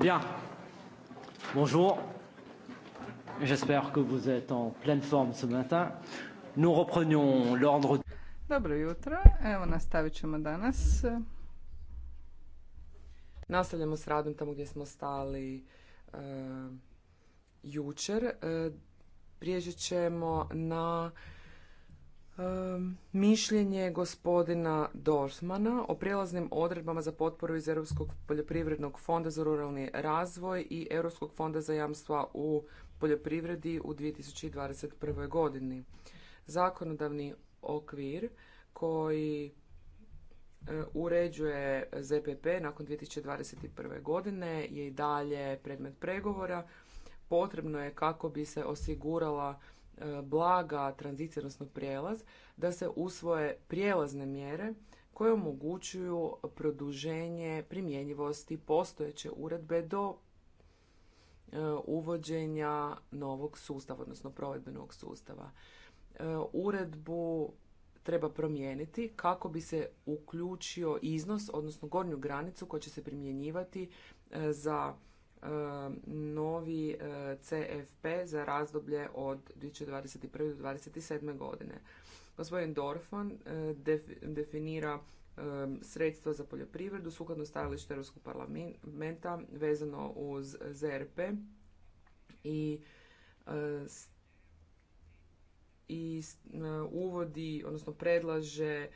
Bien. Bonjour. J'espère que vous êtes en pleine forme ce matin. Nous reprenons l'ordre. Dobro jutro. Evo nastavićemo danas. Nastavljamo s radom tamo gdje smo stali uh, jučer. Uh, prijeđit ćemo na mišljenje gospodina Dorsmana o prijelaznim odredbama za potporu iz Europskog poljoprivrednog fonda za ruralni razvoj i Europskog fonda za jamstva u poljoprivredi u 2021. godini. Zakonodavni okvir koji e, uređuje ZPP nakon 2021. godine je i dalje predmet pregovora. Potrebno je kako bi se osigurala blaga tranzicija, odnosno prijelaz, da se usvoje prijelazne mjere koje omogućuju produženje primjenjivosti postojeće uredbe do e, uvođenja novog sustava, odnosno provedbenog sustava. E, uredbu treba promijeniti kako bi se uključio iznos, odnosno gornju granicu koja će se primjenjivati e, za E, novi e, CFP za razdoblje od 2021. do 2027. godine. Gospodin Dorfan e, definira sredstva za poljoprivredu sukladno stajalište Europskog parlamenta vezano uz ZRP i i uvodi, odnosno predlaže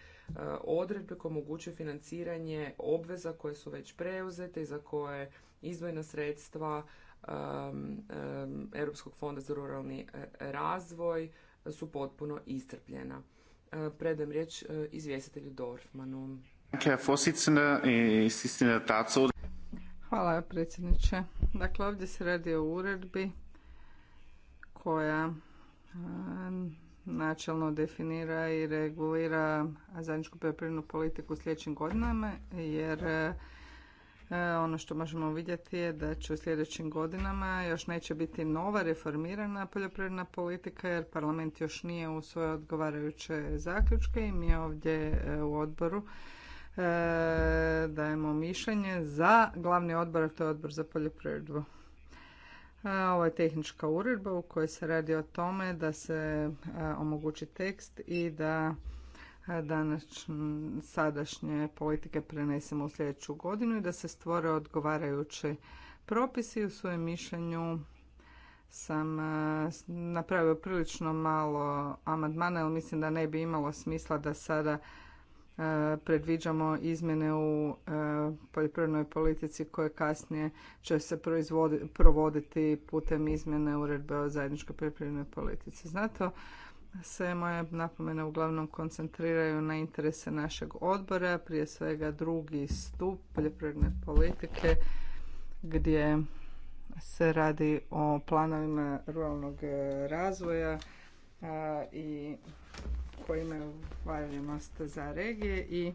odredbe koje omogućuje financiranje obveza koje su već preuzete i za koje izdvojena sredstva Europskog fonda za ruralni e, razvoj su potpuno iscrpljena. E, predajem riječ e, izvjestitelju Dorfmanu. Hvala predsjedniče. Dakle, ovdje se radi o uredbi koja načelno definira i regulira zajedničku poljoprivrednu politiku u sljedećim godinama jer E, ono što možemo vidjeti je da će u sljedećim godinama još neće biti nova reformirana poljoprivredna politika jer parlament još nije u svoje odgovarajuće zaključke i mi ovdje e, u odboru e, dajemo mišljenje za glavni odbor, a to je odbor za poljoprivredu. Ovo je tehnička uredba u kojoj se radi o tome da se omogući tekst i da današnje sadašnje politike prenesemo u sljedeću godinu i da se stvore odgovarajući propisi. U svojem mišljenju sam e, napravio prilično malo amandmana, ali mislim da ne bi imalo smisla da sada e, predviđamo izmjene u e, poljoprivrednoj politici koje kasnije će se provoditi putem izmjene uredbe o zajedničkoj poljoprivrednoj politici. Zato se moje napomene uglavnom koncentriraju na interese našeg odbora, prije svega drugi stup poljoprivredne politike gdje se radi o planovima ruralnog e, razvoja i koji imaju valjanost za regije i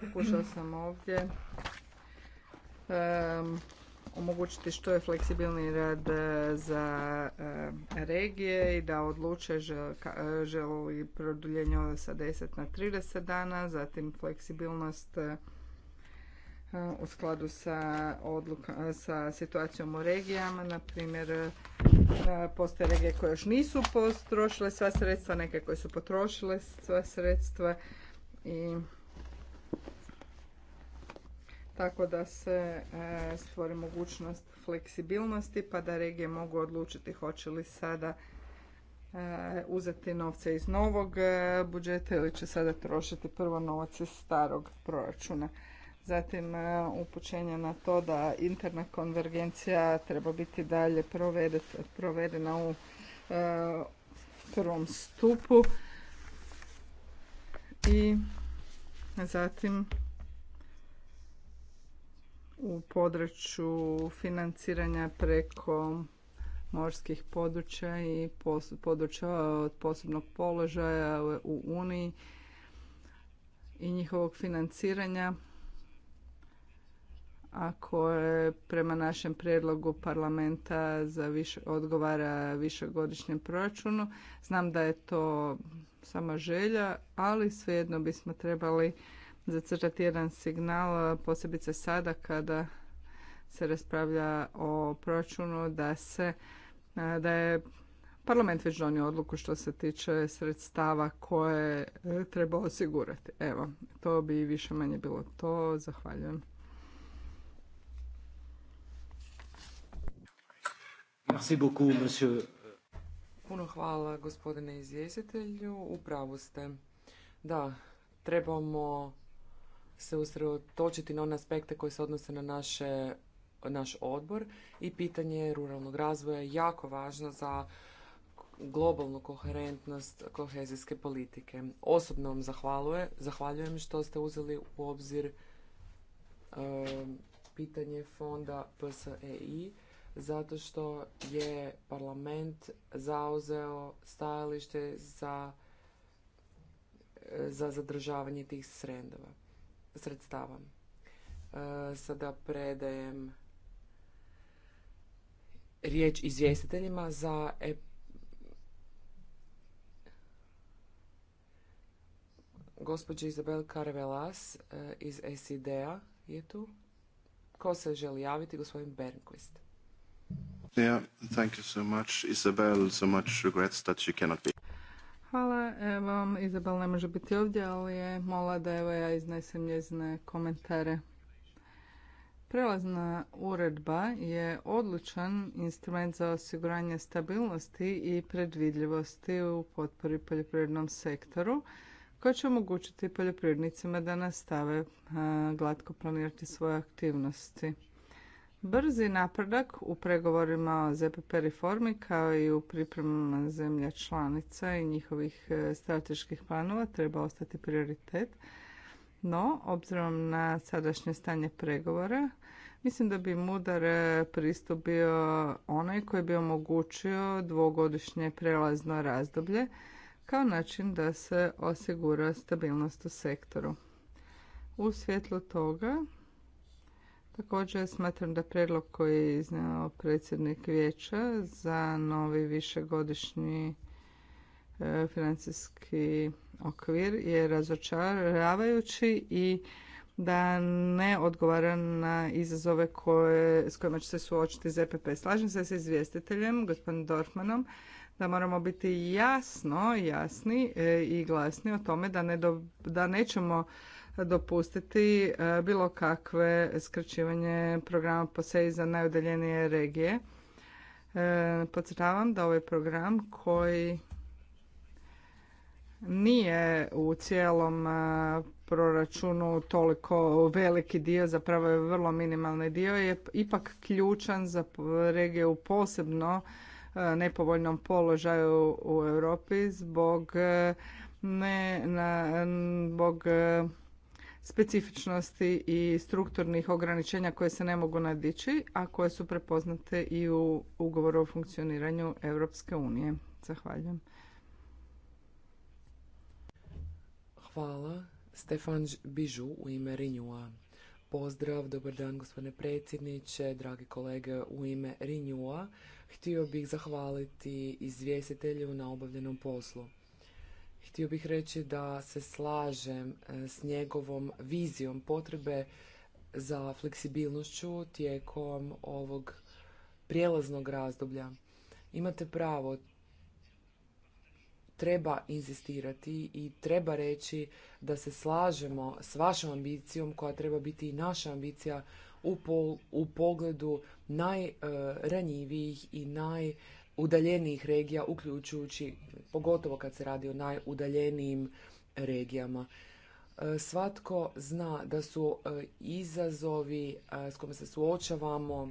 pokušao sam ovdje omogućiti što je fleksibilni rad e, za e, regije i da odluče e, žele li produljenje sa 10 na 30 dana, zatim fleksibilnost u skladu sa, odluka, sa situacijom u regijama. Na primjer, postoje regije koje još nisu potrošile sva sredstva, neke koje su potrošile sva sredstva i tako da se e, stvori mogućnost fleksibilnosti pa da regije mogu odlučiti hoće li sada e, uzeti novce iz novog e, budžeta ili će sada trošiti prvo novac iz starog proračuna. Zatim upućenje na to da interna konvergencija treba biti dalje provedena u prvom stupu i zatim u području financiranja preko morskih područja i područja od posebnog položaja u Uniji i njihovog financiranja a koje prema našem prijedlogu parlamenta za odgovara višegodišnjem proračunu. Znam da je to sama želja, ali svejedno bismo trebali zacrtati jedan signal, posebice sada kada se raspravlja o proračunu, da se da je parlament već donio odluku što se tiče sredstava koje e, treba osigurati. Evo, to bi više manje bilo to. Zahvaljujem. Merci beaucoup, monsieur. Puno hvala gospodine izvjestitelju. U pravu ste. Da, trebamo se usredotočiti na one aspekte koji se odnose na naše, naš odbor i pitanje ruralnog razvoja je jako važno za globalnu koherentnost kohezijske politike. Osobno vam zahvaluje, zahvaljujem što ste uzeli u obzir pitanje fonda PSEI zato što je parlament zauzeo stajalište za, za zadržavanje tih srendova sredstava. E, sada predajem riječ izvjestiteljima za e gospođa Izabel Karvelas e, iz SID-a je tu. Ko se želi javiti? Gospodin Bernquist. Yeah, thank you so much. Isabel so much regrets that she cannot be. Hvala. Evo, Izabel ne može biti ovdje, ali je mola da evo ja iznesem njezine komentare. Prelazna uredba je odlučan instrument za osiguranje stabilnosti i predvidljivosti u potpori poljoprivrednom sektoru koja će omogućiti poljoprivrednicima da nastave glatko planirati svoje aktivnosti. Brzi napredak u pregovorima o ZPP reformi kao i u pripremama zemlja članica i njihovih e, strateških planova treba ostati prioritet. No, obzirom na sadašnje stanje pregovora, mislim da bi mudar e, pristup bio onaj koji bi omogućio dvogodišnje prelazno razdoblje kao način da se osigura stabilnost u sektoru. U svjetlu toga Također smatram da predlog koji je iznio predsjednik vijeća za novi višegodišnji e, financijski okvir je razočaravajući i da ne odgovara na izazove koje, s kojima će se suočiti ZPP. Slažem se s izvjestiteljem, gospodinom Dorfmanom, da moramo biti jasno, jasni e, i glasni o tome da, ne da nećemo dopustiti e, bilo kakve skraćivanje programa POSEI za najudaljenije regije. E, podcrtavam da ovaj program koji nije u cijelom e, proračunu toliko veliki dio, zapravo je vrlo minimalni dio, je ipak ključan za regije u posebno nepovoljnom položaju u Europi zbog ne, na, zbog specifičnosti i strukturnih ograničenja koje se ne mogu nadići, a koje su prepoznate i u ugovoru o funkcioniranju Europske unije. Zahvaljujem. Hvala. Stefan Bižu u ime Rinjua. Pozdrav, dobar dan gospodine predsjedniče, dragi kolege u ime Rinjua. Htio bih zahvaliti izvjestitelju na obavljenom poslu. Htio bih reći da se slažem e, s njegovom vizijom potrebe za fleksibilnošću tijekom ovog prijelaznog razdoblja. Imate pravo, treba inzistirati i treba reći da se slažemo s vašom ambicijom koja treba biti i naša ambicija u, pogledu najranjivijih i naj udaljenijih regija, uključujući pogotovo kad se radi o najudaljenijim regijama. E, svatko zna da su e, izazovi e, s kojima se suočavamo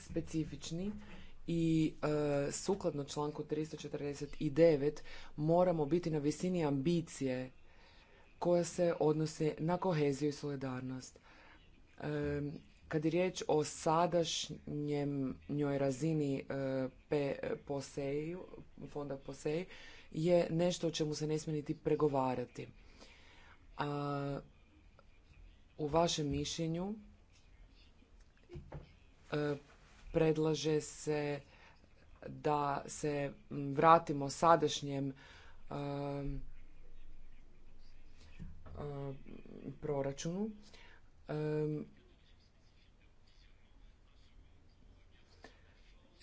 specifični i sukladno članku 349 moramo biti na visini ambicije koja se odnose na koheziju i solidarnost. Kad je riječ o njoj razini e, poseju, fonda POSEJ, je nešto o čemu se ne smije niti pregovarati. A u vašem mišljenju e, predlaže se da se vratimo sadašnjem e, proračunu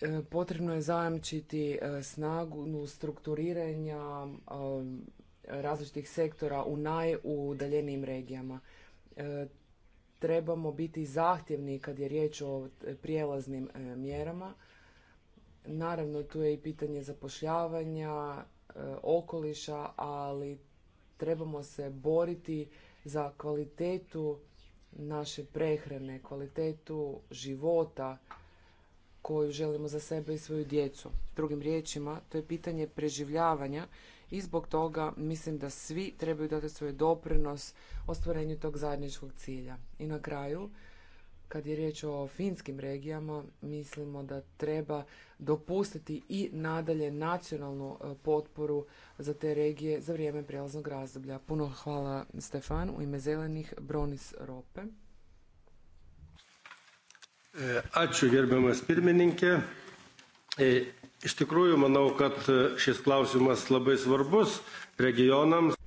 E, potrebno je zajamčiti e, snagu strukturiranja um, različitih sektora u najudaljenijim regijama. E, trebamo biti zahtjevni kad je riječ o prijelaznim mjerama. Naravno, tu je i pitanje zapošljavanja, okoliša, ali trebamo se boriti za kvalitetu naše prehrane, kvalitetu života koju želimo za sebe i svoju djecu. Drugim riječima, to je pitanje preživljavanja i zbog toga mislim da svi trebaju dati svoj doprinos ostvarenju tog zajedničkog cilja. I na kraju, kad je riječ o finskim regijama, mislimo da treba dopustiti i nadalje nacionalnu e, potporu za te regije za vrijeme prijelaznog razdoblja. Puno hvala Stefan u ime zelenih Bronis Rope. E, ačiū gerbiamas pirmininkė. E, iš tikrųjų, manau, kad e, šis klausimas labai svarbus regionams.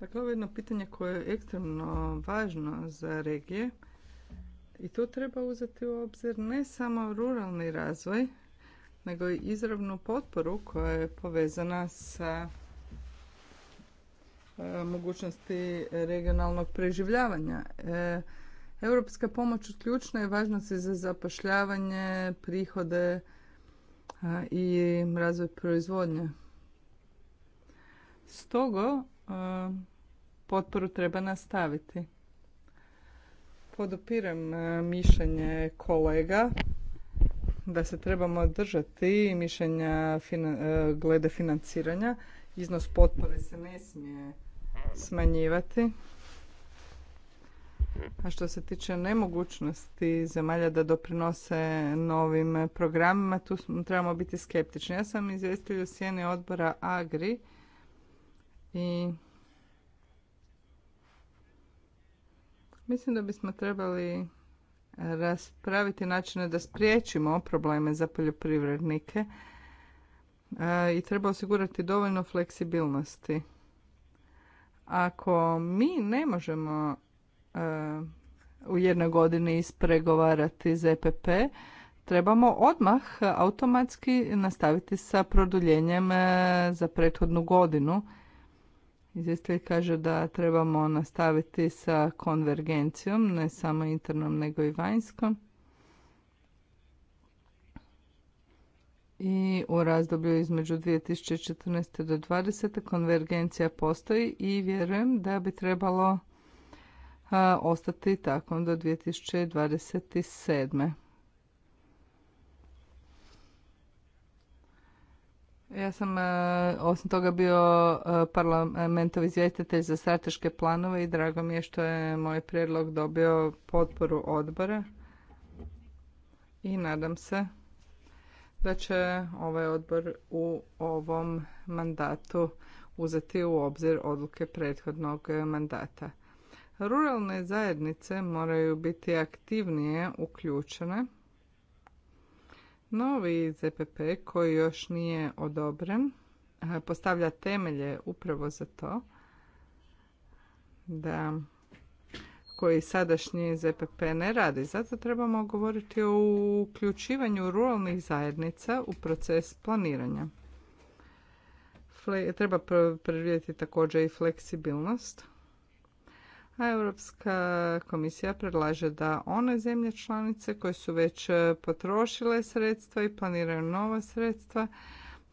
Dakle, ovo je jedno pitanje koje je ekstremno važno za regije i to treba uzeti u obzir ne samo ruralni razvoj, nego i izravnu potporu koja je povezana sa mogućnosti regionalnog preživljavanja. Europska pomoć ključna je važna za zapošljavanje, prihode i razvoj proizvodnje. Stoga potporu treba nastaviti. Podupiram mišljenje kolega da se trebamo držati mišljenja glede financiranja. Iznos potpore se ne smije smanjivati. A što se tiče nemogućnosti zemalja da doprinose novim programima, tu trebamo biti skeptični. Ja sam izvjestitelj u sjeni odbora Agri i mislim da bismo trebali raspraviti načine da spriječimo probleme za poljoprivrednike e, i treba osigurati dovoljno fleksibilnosti. Ako mi ne možemo E, u jednoj godini ispregovarati ZPP, trebamo odmah automatski nastaviti sa produljenjem e, za prethodnu godinu. Izvjestitelj kaže da trebamo nastaviti sa konvergencijom, ne samo internom nego i vanjskom. I u razdoblju između 2014. do 2020. konvergencija postoji i vjerujem da bi trebalo ostati tako do 2027. Ja sam e, osim toga bio e, parlamentov izvjetitelj za strateške planove i drago mi je što je moj prijedlog dobio potporu odbora i nadam se da će ovaj odbor u ovom mandatu uzeti u obzir odluke prethodnog mandata. Ruralne zajednice moraju biti aktivnije uključene. Novi ZPP koji još nije odobren postavlja temelje upravo za to da koji sadašnji ZPP ne radi. Zato trebamo govoriti o uključivanju ruralnih zajednica u proces planiranja. Treba predvidjeti također i fleksibilnost a Europska komisija predlaže da one zemlje članice koje su već e, potrošile sredstva i planiraju nova sredstva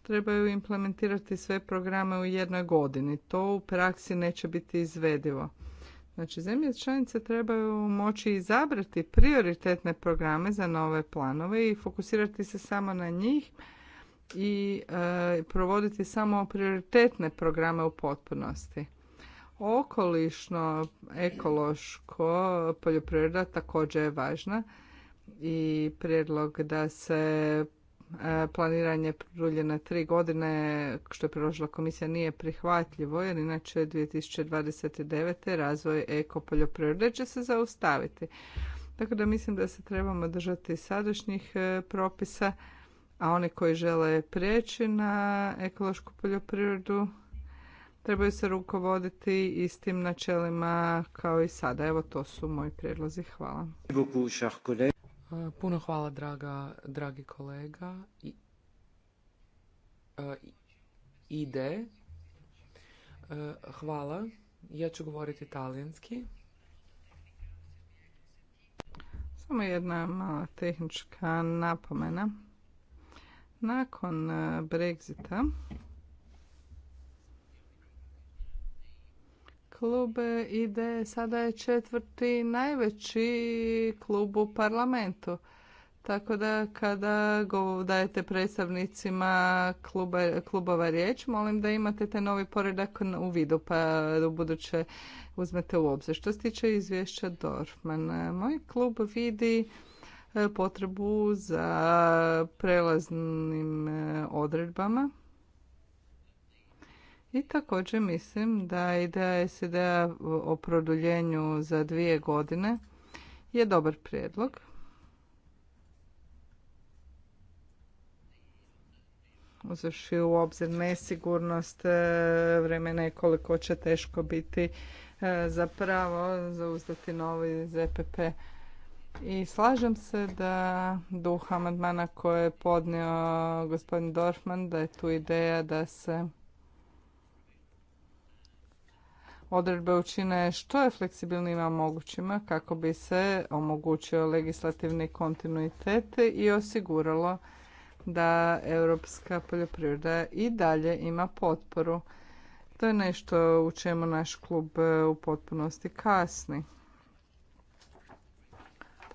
trebaju implementirati sve programe u jednoj godini. To u praksi neće biti izvedivo. Znači, zemlje članice trebaju moći izabrati prioritetne programe za nove planove i fokusirati se samo na njih i e, provoditi samo prioritetne programe u potpunosti okolišno, ekološko poljoprivreda također je važna i prijedlog da se e, planiranje produlje na tri godine što je priložila komisija nije prihvatljivo jer inače 2029. razvoj eko poljoprivrede će se zaustaviti. Tako da mislim da se trebamo držati sadašnjih e, propisa, a oni koji žele prijeći na ekološku poljoprivredu trebaju se rukovoditi istim načelima kao i sada. Evo to su moji prijedlozi. Hvala. E, puno hvala draga, dragi kolega. I, e, ide. E, hvala. Ja ću govoriti talijanski. Samo jedna mala tehnička napomena. Nakon Brexita klub ide sada je četvrti najveći klub u parlamentu. Tako da kada dajete predstavnicima kluba, klubova riječ, molim da imate taj novi poredak u vidu, pa u buduće uzmete u obzir. Što se tiče izvješća Dorfman, moj klub vidi e, potrebu za prelaznim e, odredbama i također mislim da ideja SED-a o produljenju za dvije godine je dobar prijedlog. Uzavši u obzir nesigurnost e, vremena i koliko će teško biti e, zapravo zauzdati novi ZPP. I slažem se da duh amandmana koje je podnio gospodin Dorfman, da je tu ideja da se odredbe učine što je fleksibilnijima mogućima kako bi se omogućio legislativni kontinuitet i osiguralo da europska poljoprivreda i dalje ima potporu. To je nešto u čemu naš klub e, u potpunosti kasni.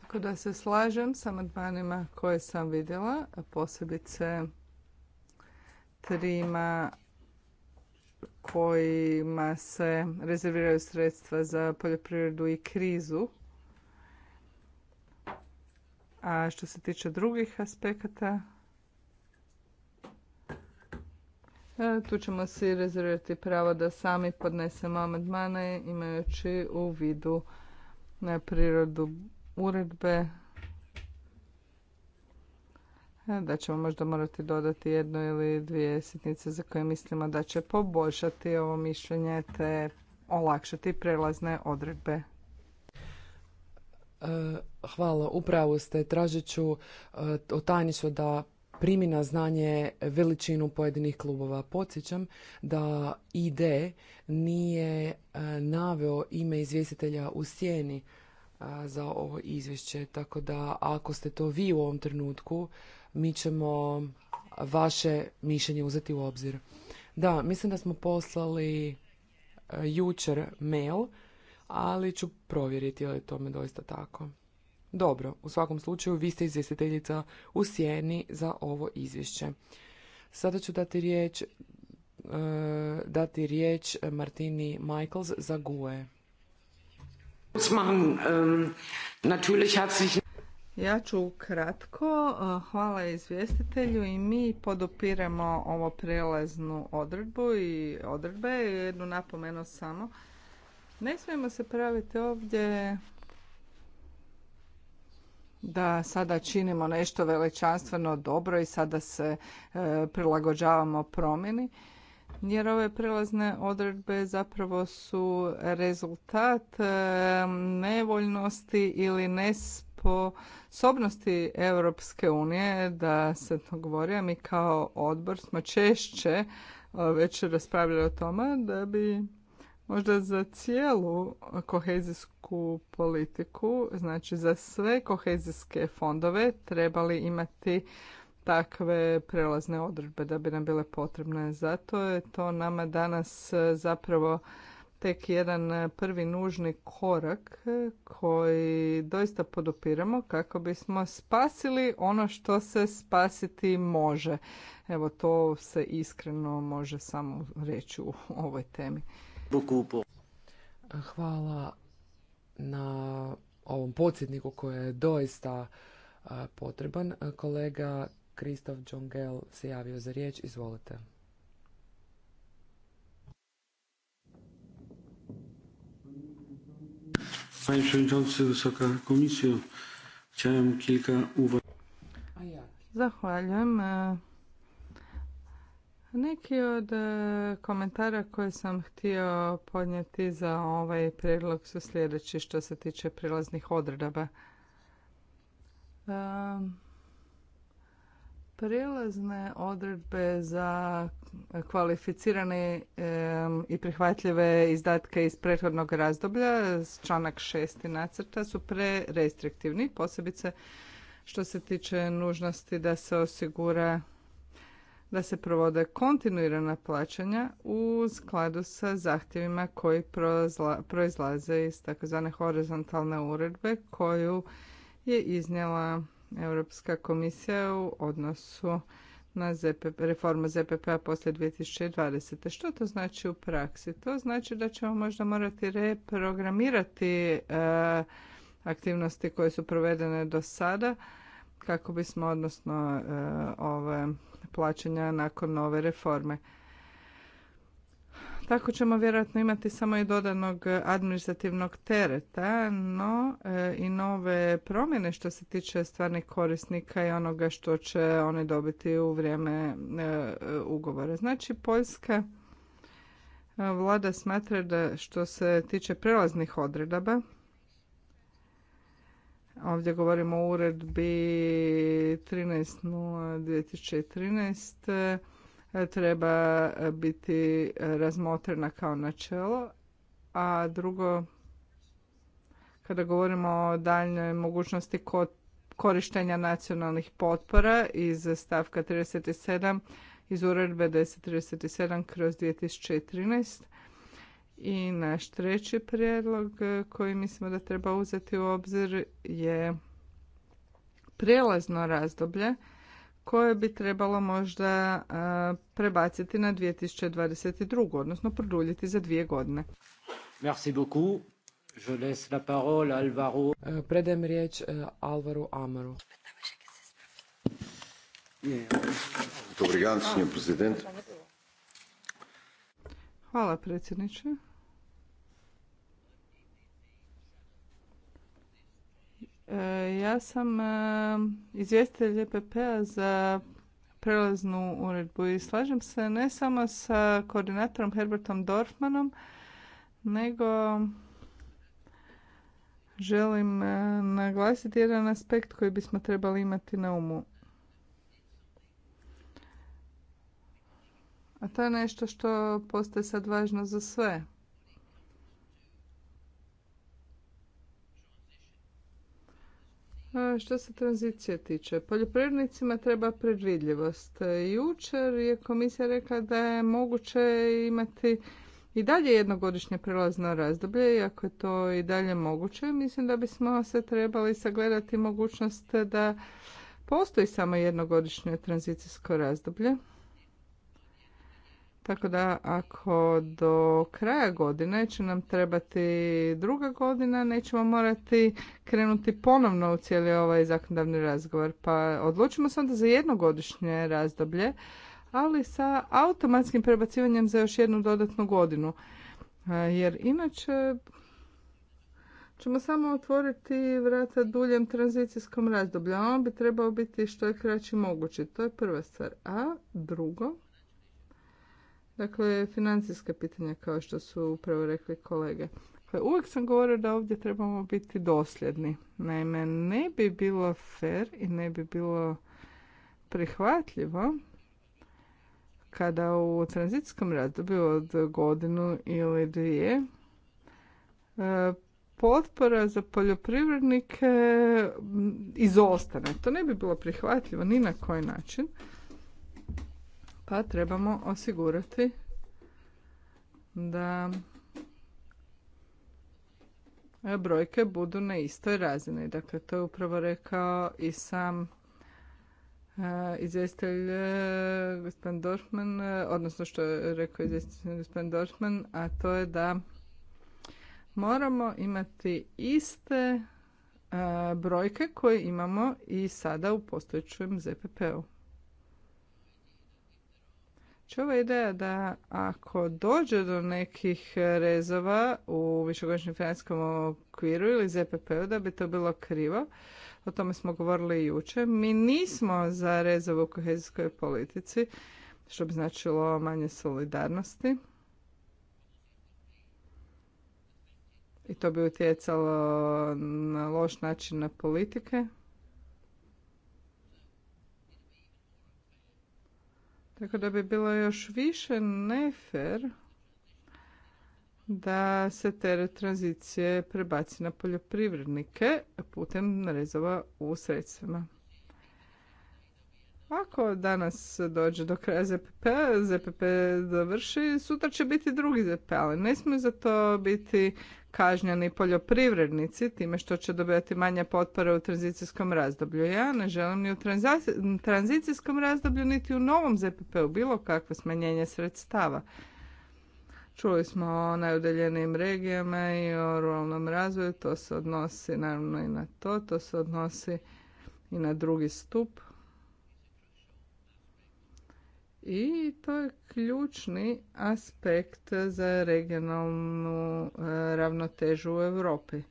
Tako da se slažem sa amandmanima koje sam vidjela, posebice trima kojima se rezerviraju sredstva za poljoprivredu i krizu. A što se tiče drugih aspekata, e, tu ćemo si rezervirati pravo da sami podnesemo amandmane imajući u vidu na e, prirodu uredbe E, da ćemo možda morati dodati jednu ili dvije sitnice za koje mislimo da će poboljšati ovo mišljenje te olakšati prelazne odredbe. E, hvala, upravo ste. Tražit ću e, od da primi na znanje veličinu pojedinih klubova. Podsjećam da ID nije naveo ime izvjestitelja u sjeni za ovo izvješće, tako da ako ste to vi u ovom trenutku mi ćemo vaše mišljenje uzeti u obzir. Da, mislim da smo poslali e, jučer mail, ali ću provjeriti je li tome doista tako. Dobro, u svakom slučaju vi ste izvjestiteljica u sjeni za ovo izvješće. Sada ću dati riječ, e, dati riječ Martini Michaels za GUE. Ähm, natürlich ja ću kratko. Hvala izvjestitelju i mi podupiramo ovo prelaznu odredbu i odredbe. Jednu napomenu samo. Ne smijemo se praviti ovdje da sada činimo nešto veličanstveno dobro i sada se e, prilagođavamo promjeni. Jer ove prelazne odredbe zapravo su rezultat e, nevoljnosti ili nes sobnosti Europske unije da se to mi kao odbor smo češće e, već raspravljali o tome da bi možda za cijelu kohezijsku politiku, znači za sve kohezijske fondove trebali imati takve prelazne odredbe da bi nam bile potrebne. Zato je to nama danas e, zapravo tek jedan e, prvi nužni korak e, koji doista podupiramo kako bismo spasili ono što se spasiti može. Evo to se iskreno može samo reći u ovoj temi. Hvala na ovom podsjetniku koji je doista e, potreban. Kolega Kristof Džongel se javio za riječ. Izvolite. Panie Przewodniczący, Wysoka Komisjo, chciałem kilka uwag. Zahvaljujem. Neki od e, komentara koje sam htio podnijeti za ovaj prijedlog su sljedeći što se tiče prilaznih odredaba. E, Prijelazne odredbe za kvalificirane i prihvatljive izdatke iz prethodnog razdoblja, članak 6. nacrta, su prerestriktivni, posebice što se tiče nužnosti da se osigura da se provode kontinuirana plaćanja u skladu sa zahtjevima koji proizlaze iz takozvane horizontalne uredbe koju je iznijela Europska komisija u odnosu na ZPP, reformu ZPP-a poslije 2020. Što to znači u praksi? To znači da ćemo možda morati reprogramirati e, aktivnosti koje su provedene do sada kako bismo odnosno e, ove plaćanja nakon nove reforme. Tako ćemo vjerojatno imati samo i dodanog administrativnog tereta, no e, i nove promjene što se tiče stvarnih korisnika i onoga što će oni dobiti u vrijeme e, ugovora. Znači, Poljska e, vlada smatra da što se tiče prelaznih odredaba, Ovdje govorimo o uredbi 13.0.2013 treba biti razmotrena kao načelo, a drugo, kada govorimo o daljnjoj mogućnosti korištenja nacionalnih potpora iz stavka 37 iz uredbe 1037 kroz 2013. I naš treći prijedlog koji mislimo da treba uzeti u obzir je prijelazno razdoblje koje bi trebalo možda e, prebaciti na 2022. odnosno produljiti za dvije godine. Merci beaucoup. Je laisse la parole à Alvaro. E, Predem riječ e, Alvaru Amaru. Obrigado, senhor Hvala predsjedniče. E, ja sam e, izvjestitelj EPP-a za prelaznu uredbu i slažem se ne samo sa koordinatorom Herbertom Dorfmanom, nego želim e, naglasiti jedan aspekt koji bismo trebali imati na umu. A to je nešto što postaje sad važno za sve. Što se tranzicije tiče, poljoprivrednicima treba predvidljivost. Jučer je komisija rekla da je moguće imati i dalje jednogodišnje prilazno razdoblje, iako je to i dalje moguće. Mislim da bismo se trebali sagledati mogućnost da postoji samo jednogodišnje tranzicijsko razdoblje tako da ako do kraja godine će nam trebati druga godina, nećemo morati krenuti ponovno u cijeli ovaj zakonodavni razgovor. Pa odlučimo se onda za jednogodišnje razdoblje, ali sa automatskim prebacivanjem za još jednu dodatnu godinu. E, jer inače ćemo samo otvoriti vrata duljem tranzicijskom razdoblju. On bi trebao biti što je kraći moguće. To je prva stvar. A drugo, Dakle, financijska pitanja kao što su upravo rekli kolege. Dakle, uvijek sam govorio da ovdje trebamo biti dosljedni. Naime, ne bi bilo fair i ne bi bilo prihvatljivo kada u tranzitskom razdoblju od godinu ili dvije e, potpora za poljoprivrednike izostane. To ne bi bilo prihvatljivo ni na koji način pa trebamo osigurati da brojke budu na istoj razini. Dakle, to je upravo rekao i sam e, izvjestitelj e, gospodin Dorfman, e, odnosno što je rekao izvjestitelj gospodin Dorfman, a to je da moramo imati iste brojke koje imamo i sada u postojećem ZPP-u. Znači ova ideja da ako dođe do nekih rezova u višegodišnjem financijskom okviru ili ZPP-u da bi to bilo krivo, o tome smo govorili i jučer, mi nismo za rezove u kohezijskoj politici, što bi značilo manje solidarnosti. I to bi utjecalo na loš način na politike. Tako da bi bilo još više nefer da se teret tranzicije prebaci na poljoprivrednike putem rezova u sredstvima. Ako danas dođe do kraja ZPP, ZPP završi, sutra će biti drugi ZPP, ali ne smiju za to biti kažnjeni poljoprivrednici time što će dobivati manje potpore u tranzicijskom razdoblju. Ja ne želim ni u tranzicijskom razdoblju niti u novom ZPP-u bilo kakvo smanjenje sredstava. Čuli smo o najudeljenijim regijama i o ruralnom razvoju, to se odnosi naravno i na to, to se odnosi i na drugi stup i to je ključni aspekt za regionalnu e, ravnotežu u Europi.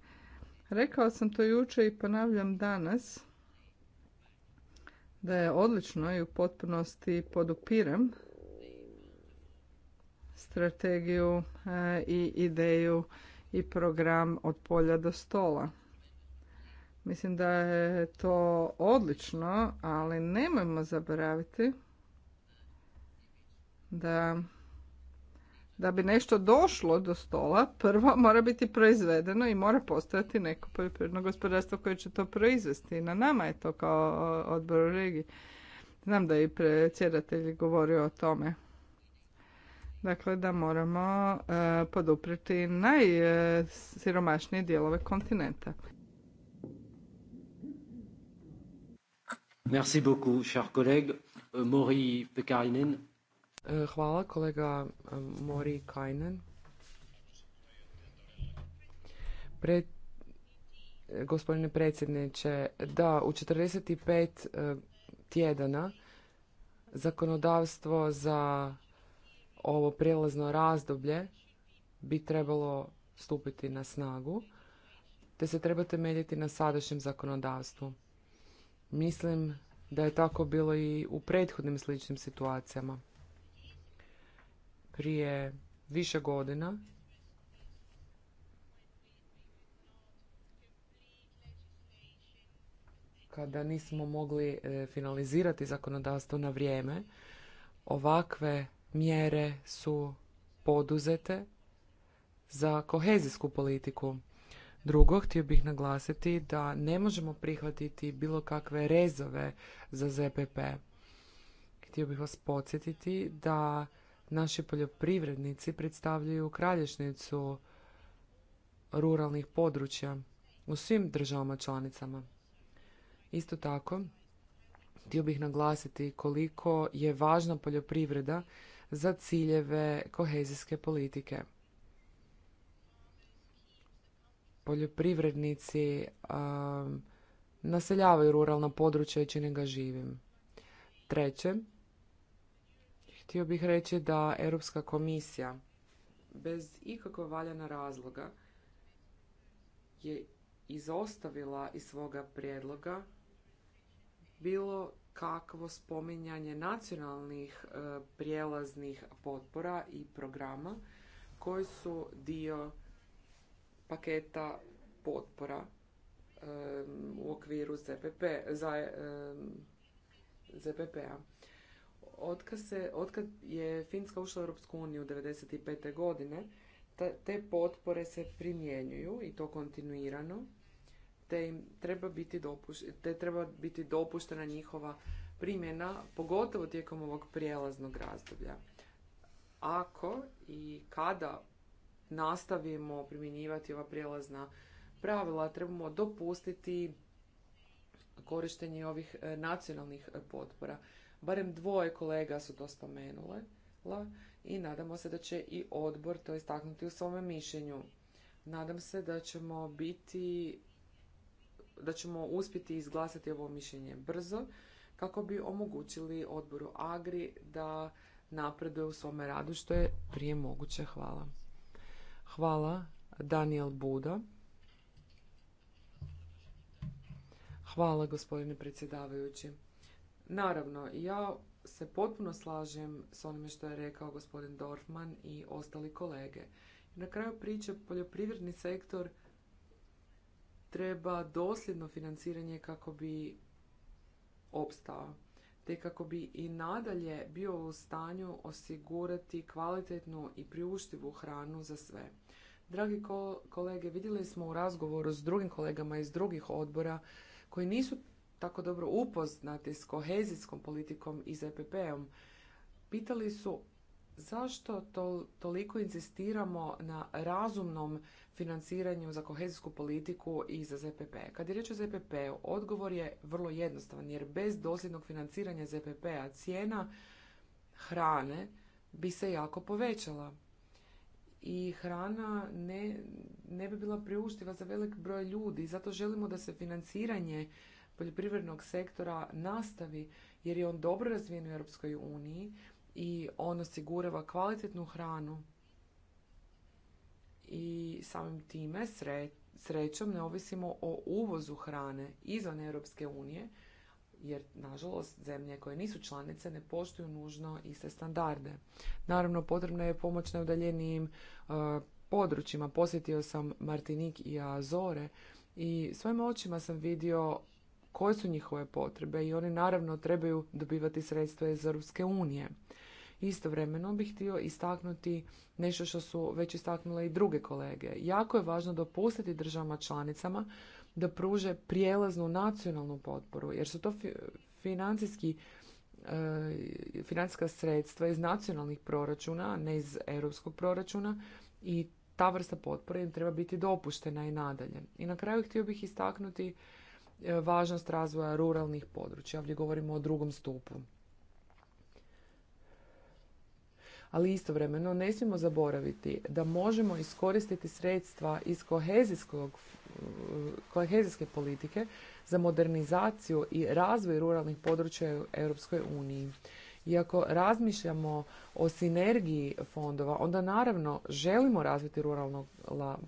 Rekao sam to jučer i ponavljam danas da je odlično i u potpunosti podupiram strategiju e, i ideju i program od polja do stola. Mislim da je to odlično, ali nemojmo zaboraviti da da bi nešto došlo do stola, prvo mora biti proizvedeno i mora postojati neko poljoprivredno gospodarstvo koje će to proizvesti. Na nama je to kao odbor u regiji. Znam da je i predsjedatelj govorio o tome. Dakle, da moramo uh, e, podupriti najsiromašnije dijelove kontinenta. Merci beaucoup, cher collègue. Euh, Mori Pekarinen, E, hvala kolega e, Mori Kajnen. gospodine predsjedniče, da, u 45 e, tjedana zakonodavstvo za ovo prijelazno razdoblje bi trebalo stupiti na snagu, te se treba temeljiti na sadašnjem zakonodavstvu. Mislim da je tako bilo i u prethodnim sličnim situacijama prije više godina kada nismo mogli e, finalizirati zakonodavstvo na vrijeme, ovakve mjere su poduzete za kohezijsku politiku. Drugo, htio bih naglasiti da ne možemo prihvatiti bilo kakve rezove za ZPP. Htio bih vas podsjetiti da Naši poljoprivrednici predstavljaju kralješnicu ruralnih područja u svim državama članicama. Isto tako, htio bih naglasiti koliko je važna poljoprivreda za ciljeve kohezijske politike. Poljoprivrednici naseljavaju ruralna područja i čine ga živim. Treće, Htio bih reći da Europska komisija bez ikakvog valjana razloga je izostavila iz svoga prijedloga bilo kakvo spominjanje nacionalnih e, prijelaznih potpora i programa koji su dio paketa potpora e, u okviru ZPP, za, e, ZPP-a se otkad je Finska ušla u Europsku uniju 1995. godine, te potpore se primjenjuju i to kontinuirano, te im treba biti, te treba biti dopuštena njihova primjena, pogotovo tijekom ovog prijelaznog razdoblja. Ako i kada nastavimo primjenjivati ova prijelazna pravila, trebamo dopustiti korištenje ovih e, nacionalnih potpora Barem dvoje kolega su to spomenule i nadamo se da će i odbor to istaknuti u svome mišljenju. Nadam se da ćemo biti da ćemo uspjeti izglasati ovo mišljenje brzo kako bi omogućili odboru Agri da napreduje u svome radu što je prije moguće. Hvala. Hvala Daniel Buda. Hvala gospodine predsjedavajući. Naravno, ja se potpuno slažem s onime što je rekao gospodin Dorfman i ostali kolege. Na kraju priče poljoprivredni sektor treba dosljedno financiranje kako bi opstao, te kako bi i nadalje bio u stanju osigurati kvalitetnu i priuštivu hranu za sve. Dragi kolege, vidjeli smo u razgovoru s drugim kolegama iz drugih odbora koji nisu tako dobro upoznati s kohezijskom politikom i ZPP-om, pitali su zašto toliko inzistiramo na razumnom financiranju za kohezijsku politiku i za ZPP. Kad je riječ o ZPP, odgovor je vrlo jednostavan, jer bez dosljednog financiranja ZPP-a cijena hrane bi se jako povećala. I hrana ne, ne bi bila priuštiva za velik broj ljudi. Zato želimo da se financiranje poljoprivrednog sektora nastavi jer je on dobro razvijen u Europskoj uniji i on osigurava kvalitetnu hranu i samim time srećom ne ovisimo o uvozu hrane izvan Europske unije jer nažalost zemlje koje nisu članice ne poštuju nužno iste standarde. Naravno potrebna je pomoć na udaljenijim e, područjima. Posjetio sam Martinik i Azore i svojim očima sam vidio koje su njihove potrebe i oni naravno trebaju dobivati sredstva iz Europske unije. Istovremeno bih htio istaknuti nešto što su već istaknule i druge kolege. Jako je važno dopustiti državama članicama da pruže prijelaznu nacionalnu potporu, jer su to financijski eh, financijska sredstva iz nacionalnih proračuna, ne iz europskog proračuna i ta vrsta potpore im treba biti dopuštena i nadalje. I na kraju htio bih istaknuti E, važnost razvoja ruralnih područja. Ovdje govorimo o drugom stupu. Ali istovremeno ne smijemo zaboraviti da možemo iskoristiti sredstva iz kohezijskog, e, kohezijske politike za modernizaciju i razvoj ruralnih područja u Europskoj uniji. I razmišljamo o sinergiji fondova, onda naravno želimo razviti ruralna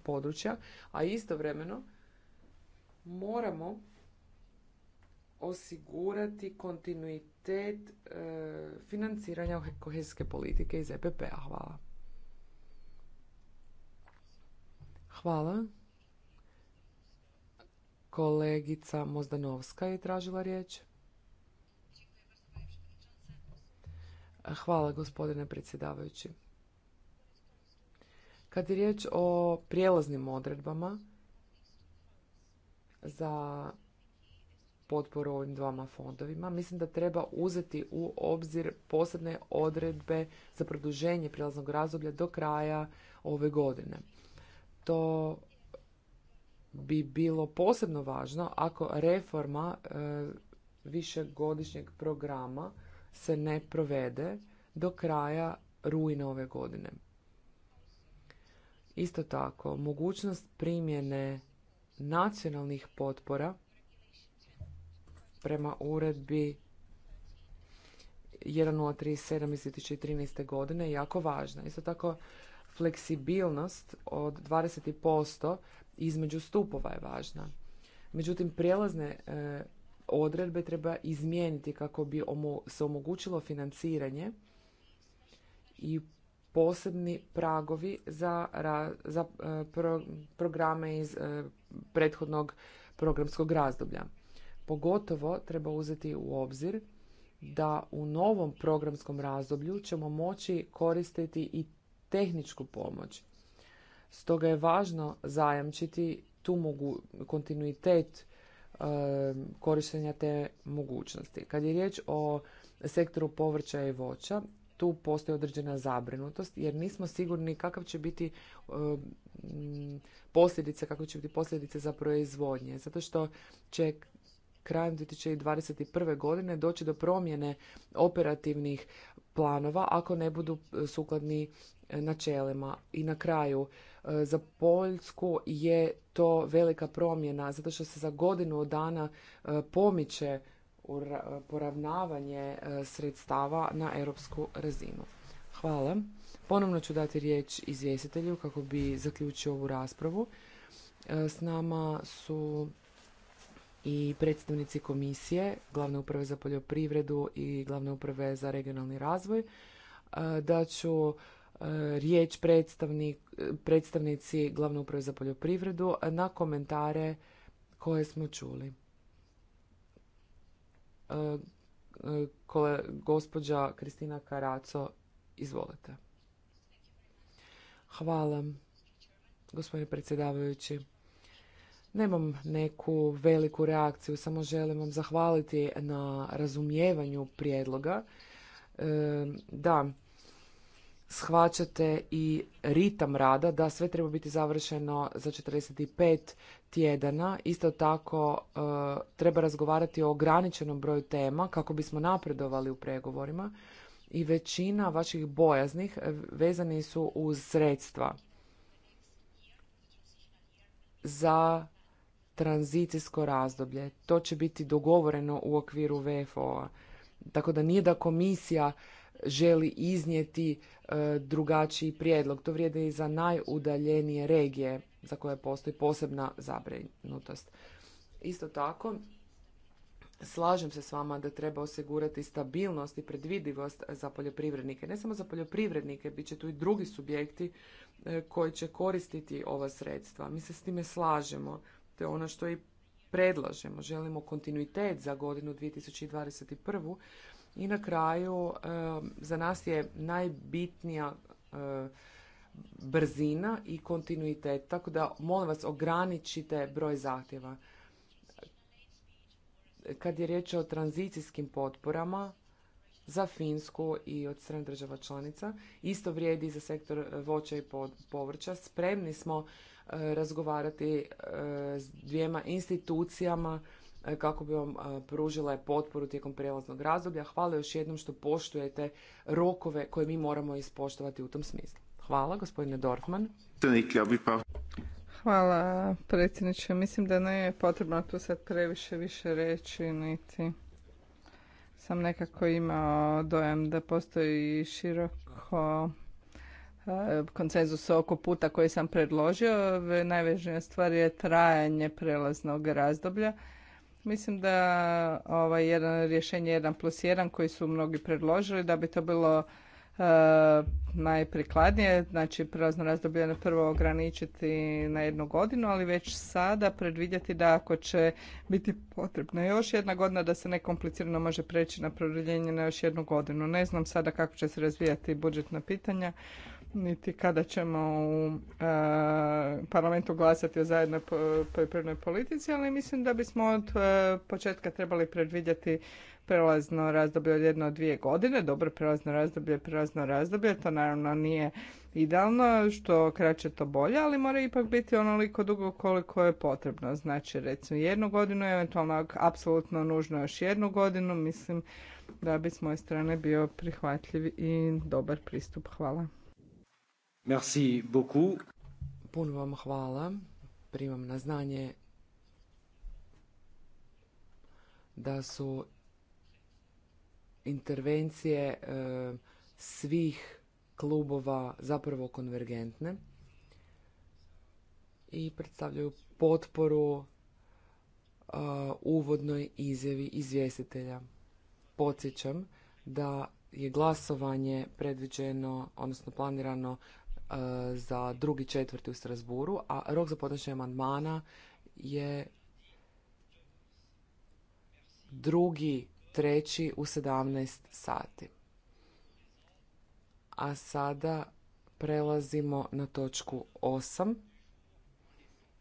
područja, a istovremeno moramo osigurati kontinuitet e, financiranja kohezijske politike iz EPP-a. Hvala. Hvala. Kolegica Mozdanovska je tražila riječ. Hvala gospodine predsjedavajući. Kad je riječ o prijelaznim odredbama za potporu ovim dvama fondovima. Mislim da treba uzeti u obzir posebne odredbe za produženje prilaznog razdoblja do kraja ove godine. To bi bilo posebno važno ako reforma e, višegodišnjeg programa se ne provede do kraja rujna ove godine. Isto tako, mogućnost primjene nacionalnih potpora prema uredbi 1037 iz 2013. godine jako važna. Isto tako fleksibilnost od 20% između stupova je važna. Međutim, prijelazne e, odredbe treba izmijeniti kako bi se omogućilo financiranje i posebni pragovi za, e, programe iz e, prethodnog programskog razdoblja. Pogotovo treba uzeti u obzir da u novom programskom razdoblju ćemo moći koristiti i tehničku pomoć. Stoga je važno zajamčiti tu mogu kontinuitet e, korištenja te mogućnosti. Kad je riječ o sektoru povrća i voća, tu postoji određena zabrinutost jer nismo sigurni kakav će biti posljedice, kako će biti posljedice za proizvodnje, zato što će krajem 2021. godine doći do promjene operativnih planova ako ne budu e, sukladni e, načelima. I na kraju, e, za Poljsku je to velika promjena zato što se za godinu dana pomiče poravnavanje sredstava na europsku razinu. Hvala. Ponovno ću dati riječ izvjestitelju kako bi zaključio ovu raspravu. S nama su i predstavnici komisije, glavne uprave za poljoprivredu i glavne uprave za regionalni razvoj, e, da ću e, riječ predstavnici glavne uprave za poljoprivredu na komentare koje smo čuli. E, gospođa Kristina Karaco, izvolite. Hvala, gospodine predsjedavajući. Nemam neku veliku reakciju, samo želim vam zahvaliti na razumijevanju prijedloga. E, da, shvaćate i ritam rada, da sve treba biti završeno za 45 tjedana. Isto tako e, treba razgovarati o ograničenom broju tema kako bismo napredovali u pregovorima i većina vaših bojaznih vezani su uz sredstva za tranzicijsko razdoblje. To će biti dogovoreno u okviru VFO-a. Tako da nije da komisija želi iznijeti e, drugačiji prijedlog. To vrijede i za najudaljenije regije za koje postoji posebna zabrinutost. Isto tako, slažem se s vama da treba osigurati stabilnost i predvidivost za poljoprivrednike. Ne samo za poljoprivrednike, bit će tu i drugi subjekti e, koji će koristiti ova sredstva. Mi se s time slažemo to je ono što i predlažemo. Želimo kontinuitet za godinu 2021. I na kraju, za nas je najbitnija brzina i kontinuitet. Tako da, molim vas, ograničite broj zahtjeva. Kad je riječ o tranzicijskim potporama za Finsku i od strane država članica, isto vrijedi za sektor e, voća i povrća. Spremni smo E, razgovarati e, s dvijema institucijama e, kako bi vam pružila potporu tijekom prijelaznog razdoblja. Hvala još jednom što poštujete rokove koje mi moramo ispoštovati u tom smislu. Hvala, gospodine Dorfman. Hvala, predsjedniče. Mislim da ne je potrebno tu sad previše više reći, niti sam nekako imao dojam da postoji široko konsenzus oko puta koji sam predložio. Najvažnija stvar je trajanje prelaznog razdoblja. Mislim da ovaj jedan, rješenje 1 plus 1 koji su mnogi predložili da bi to bilo e, najprikladnije. Znači prelazno razdoblje na prvo ograničiti na jednu godinu, ali već sada predvidjeti da ako će biti potrebno još jedna godina da se nekomplicirano može preći na produljenje na još jednu godinu. Ne znam sada kako će se razvijati budžetna pitanja niti kada ćemo u e, parlamentu glasati o zajednoj poljoprivrednoj politici, ali mislim da bismo od e, početka trebali predvidjeti prelazno razdoblje od jedno dvije godine, dobro prelazno razdoblje, prelazno razdoblje, to naravno nije idealno, što kraće to bolje, ali mora ipak biti onoliko dugo koliko je potrebno. Znači, recimo jednu godinu, eventualno apsolutno nužno još jednu godinu, mislim da bi s moje strane bio prihvatljiv i dobar pristup. Hvala. Merci beaucoup. Puno vam hvala. Primam na znanje da su intervencije e, svih klubova zapravo konvergentne i predstavljaju potporu e, uvodnoj izjavi izvjestitelja. Podsjećam da je glasovanje predviđeno, odnosno planirano E, za drugi četvrti u Strasburu, a rok za podnošenje amandmana je drugi treći u 17 sati. A sada prelazimo na točku osam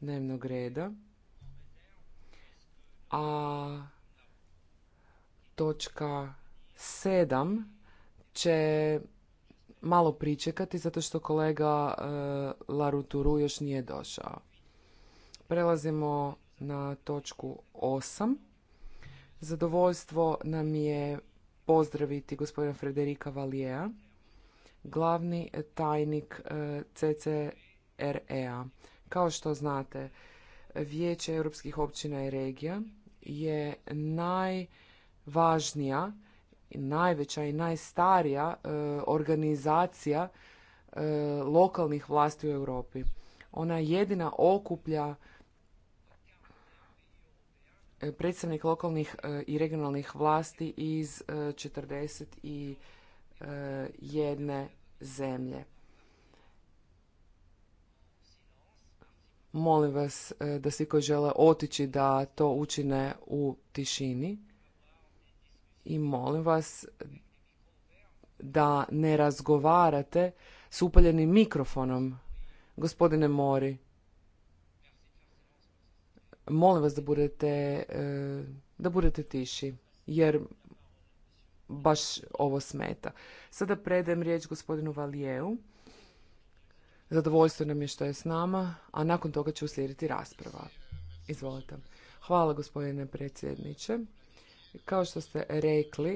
dnevnog reda. A točka 7 će malo pričekati zato što kolega eh, Laruturu još nije došao. Prelazimo na točku 8. Zadovoljstvo nam je pozdraviti gospodina Frederika Valijeja, glavni tajnik eh, CCRE-a. Kao što znate, Vijeće europskih općina i regija je najvažnija najveća i najstarija e, organizacija e, lokalnih vlasti u Europi. Ona jedina okuplja e, predstavnik lokalnih i regionalnih vlasti iz 40 jedne zemlje. Molim vas da svi koji žele otići da to učine u tišini i molim vas da ne razgovarate s upaljenim mikrofonom. Gospodine Mori, molim vas da budete, e, da budete tiši, jer baš ovo smeta. Sada predajem riječ gospodinu Valijevu. Zadovoljstvo nam je što je s nama, a nakon toga će uslijediti rasprava. Izvolite. Hvala gospodine predsjedniče. Kao što ste rekli,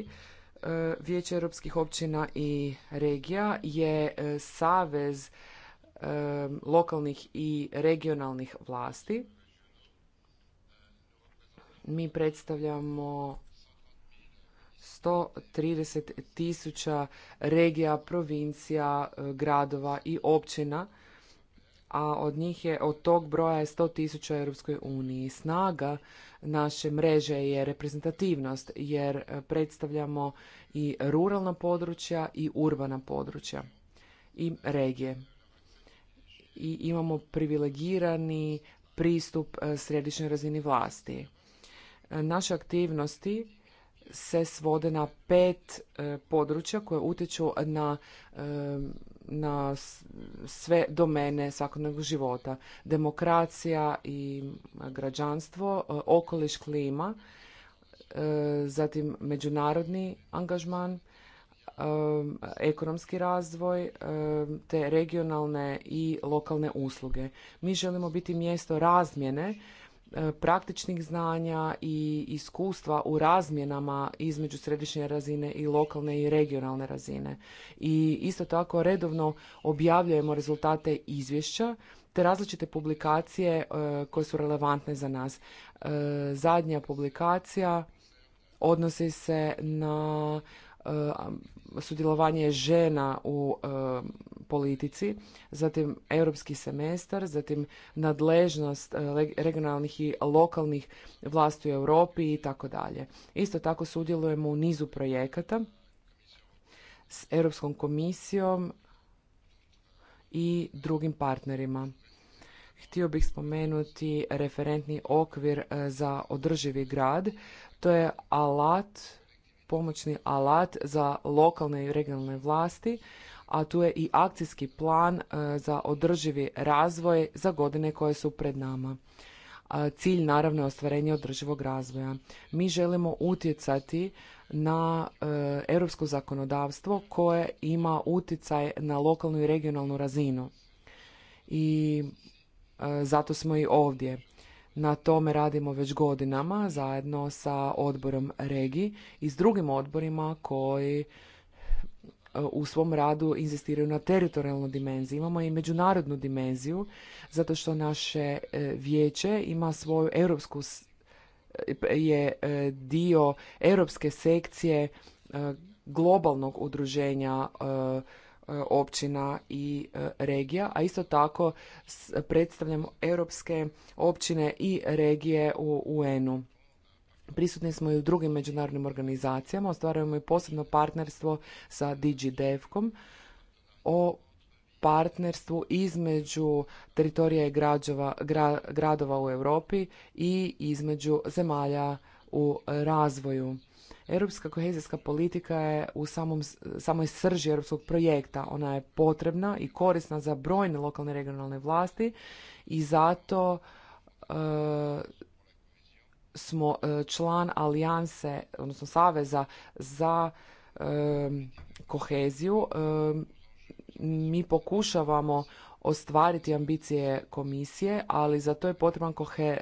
e, Vijeće europskih općina i regija je e, savez e, lokalnih i regionalnih vlasti. Mi predstavljamo 130.000 tisuća regija, provincija, gradova i općina a od njih je od tog broja je 100.000 u Europskoj uniji. Snaga naše mreže je reprezentativnost jer e, predstavljamo i ruralna područja i urbana područja i regije. I imamo privilegirani pristup e, središnjoj razini vlasti. E, naše aktivnosti se svode na pet e, područja koje utječu na, e, na sve domene svakodnevnog života. Demokracija i građanstvo, e, okoliš, klima, zatim međunarodni angažman, ekonomski razvoj te regionalne i lokalne usluge. Mi želimo biti mjesto razmjene E, praktičnih znanja i iskustva u razmjenama između središnje razine i lokalne i regionalne razine. I isto tako redovno objavljujemo rezultate izvješća te različite publikacije e, koje su relevantne za nas. E, zadnja publikacija odnosi se na E, sudjelovanje žena u e, politici, zatim europski semestar, zatim nadležnost e, regionalnih i lokalnih vlasti u Europi i tako dalje. Isto tako sudjelujemo u nizu projekata s Europskom komisijom i drugim partnerima. Htio bih spomenuti referentni okvir za održivi grad. To je alat pomoćni alat za lokalne i regionalne vlasti, a tu je i akcijski plan e, za održivi razvoj za godine koje su pred nama. E, cilj naravno je ostvarenje održivog razvoja. Mi želimo utjecati na e, europsko zakonodavstvo koje ima utjecaj na lokalnu i regionalnu razinu. I zato smo i ovdje. Na tome radimo već godinama zajedno sa odborom Regi i s drugim odborima koji e, u svom radu inzistiraju na teritorijalnu dimenziju. Imamo i međunarodnu dimenziju zato što naše e, vijeće ima svoju europsku je e, dio europske sekcije globalnog udruženja E, općina i e, regija, a isto tako predstavljamo europske općine i regije u UN-u. Prisutni smo i u drugim međunarodnim organizacijama, ostvarujemo i posebno partnerstvo sa DigiDevkom o partnerstvu između teritorija i gradova u Europi i između zemalja u razvoju. Europska kohezijska politika je u samom, samoj srži europskog projekta. Ona je potrebna i korisna za brojne lokalne i regionalne vlasti i zato e, smo e, član alijanse, odnosno saveza za e, koheziju. mi pokušavamo ostvariti ambicije komisije, ali za to je potreban, kohe,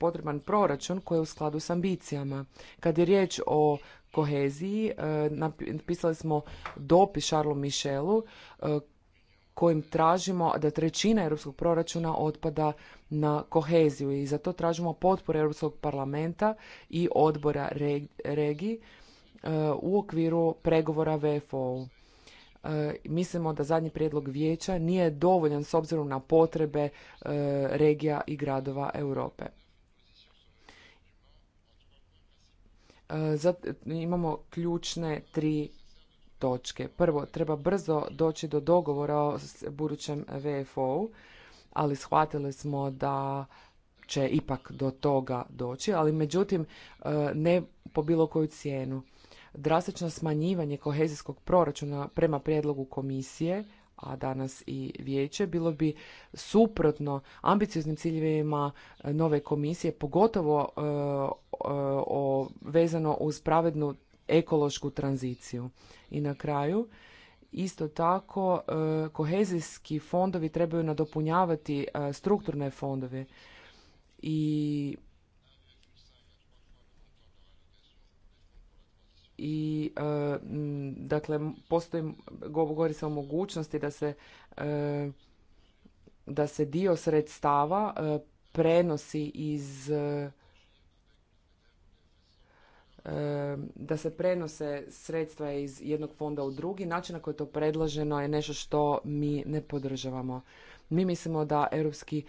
potreban proračun koji je u skladu s ambicijama. Kad je riječ o koheziji, e, napisali smo dopis Charlesu Michelu e, kojim tražimo da trećina europskog proračuna otpada na koheziju i za to tražimo potporu Europskog parlamenta i odbora regiji e, u okviru pregovora VFO-u. E, mislimo da zadnji prijedlog vijeća nije dovoljan s obzirom na potrebe e, regija i gradova Europe. E, imamo ključne tri točke. Prvo, treba brzo doći do dogovora o budućem VFO-u, ali shvatili smo da će ipak do toga doći, ali međutim ne po bilo koju cijenu drastično smanjivanje kohezijskog proračuna prema prijedlogu komisije a danas i vijeće bilo bi suprotno ambicioznim ciljevima e, nove komisije pogotovo e, vezano uz pravednu ekološku tranziciju i na kraju isto tako e, kohezijski fondovi trebaju nadopunjavati strukturne fondove i i e, dakle postoji govori se o mogućnosti da se e, da se dio sredstava e, prenosi iz da se prenose sredstva iz jednog fonda u drugi. Način na koji je to predloženo je nešto što mi ne podržavamo. Mi mislimo da Europski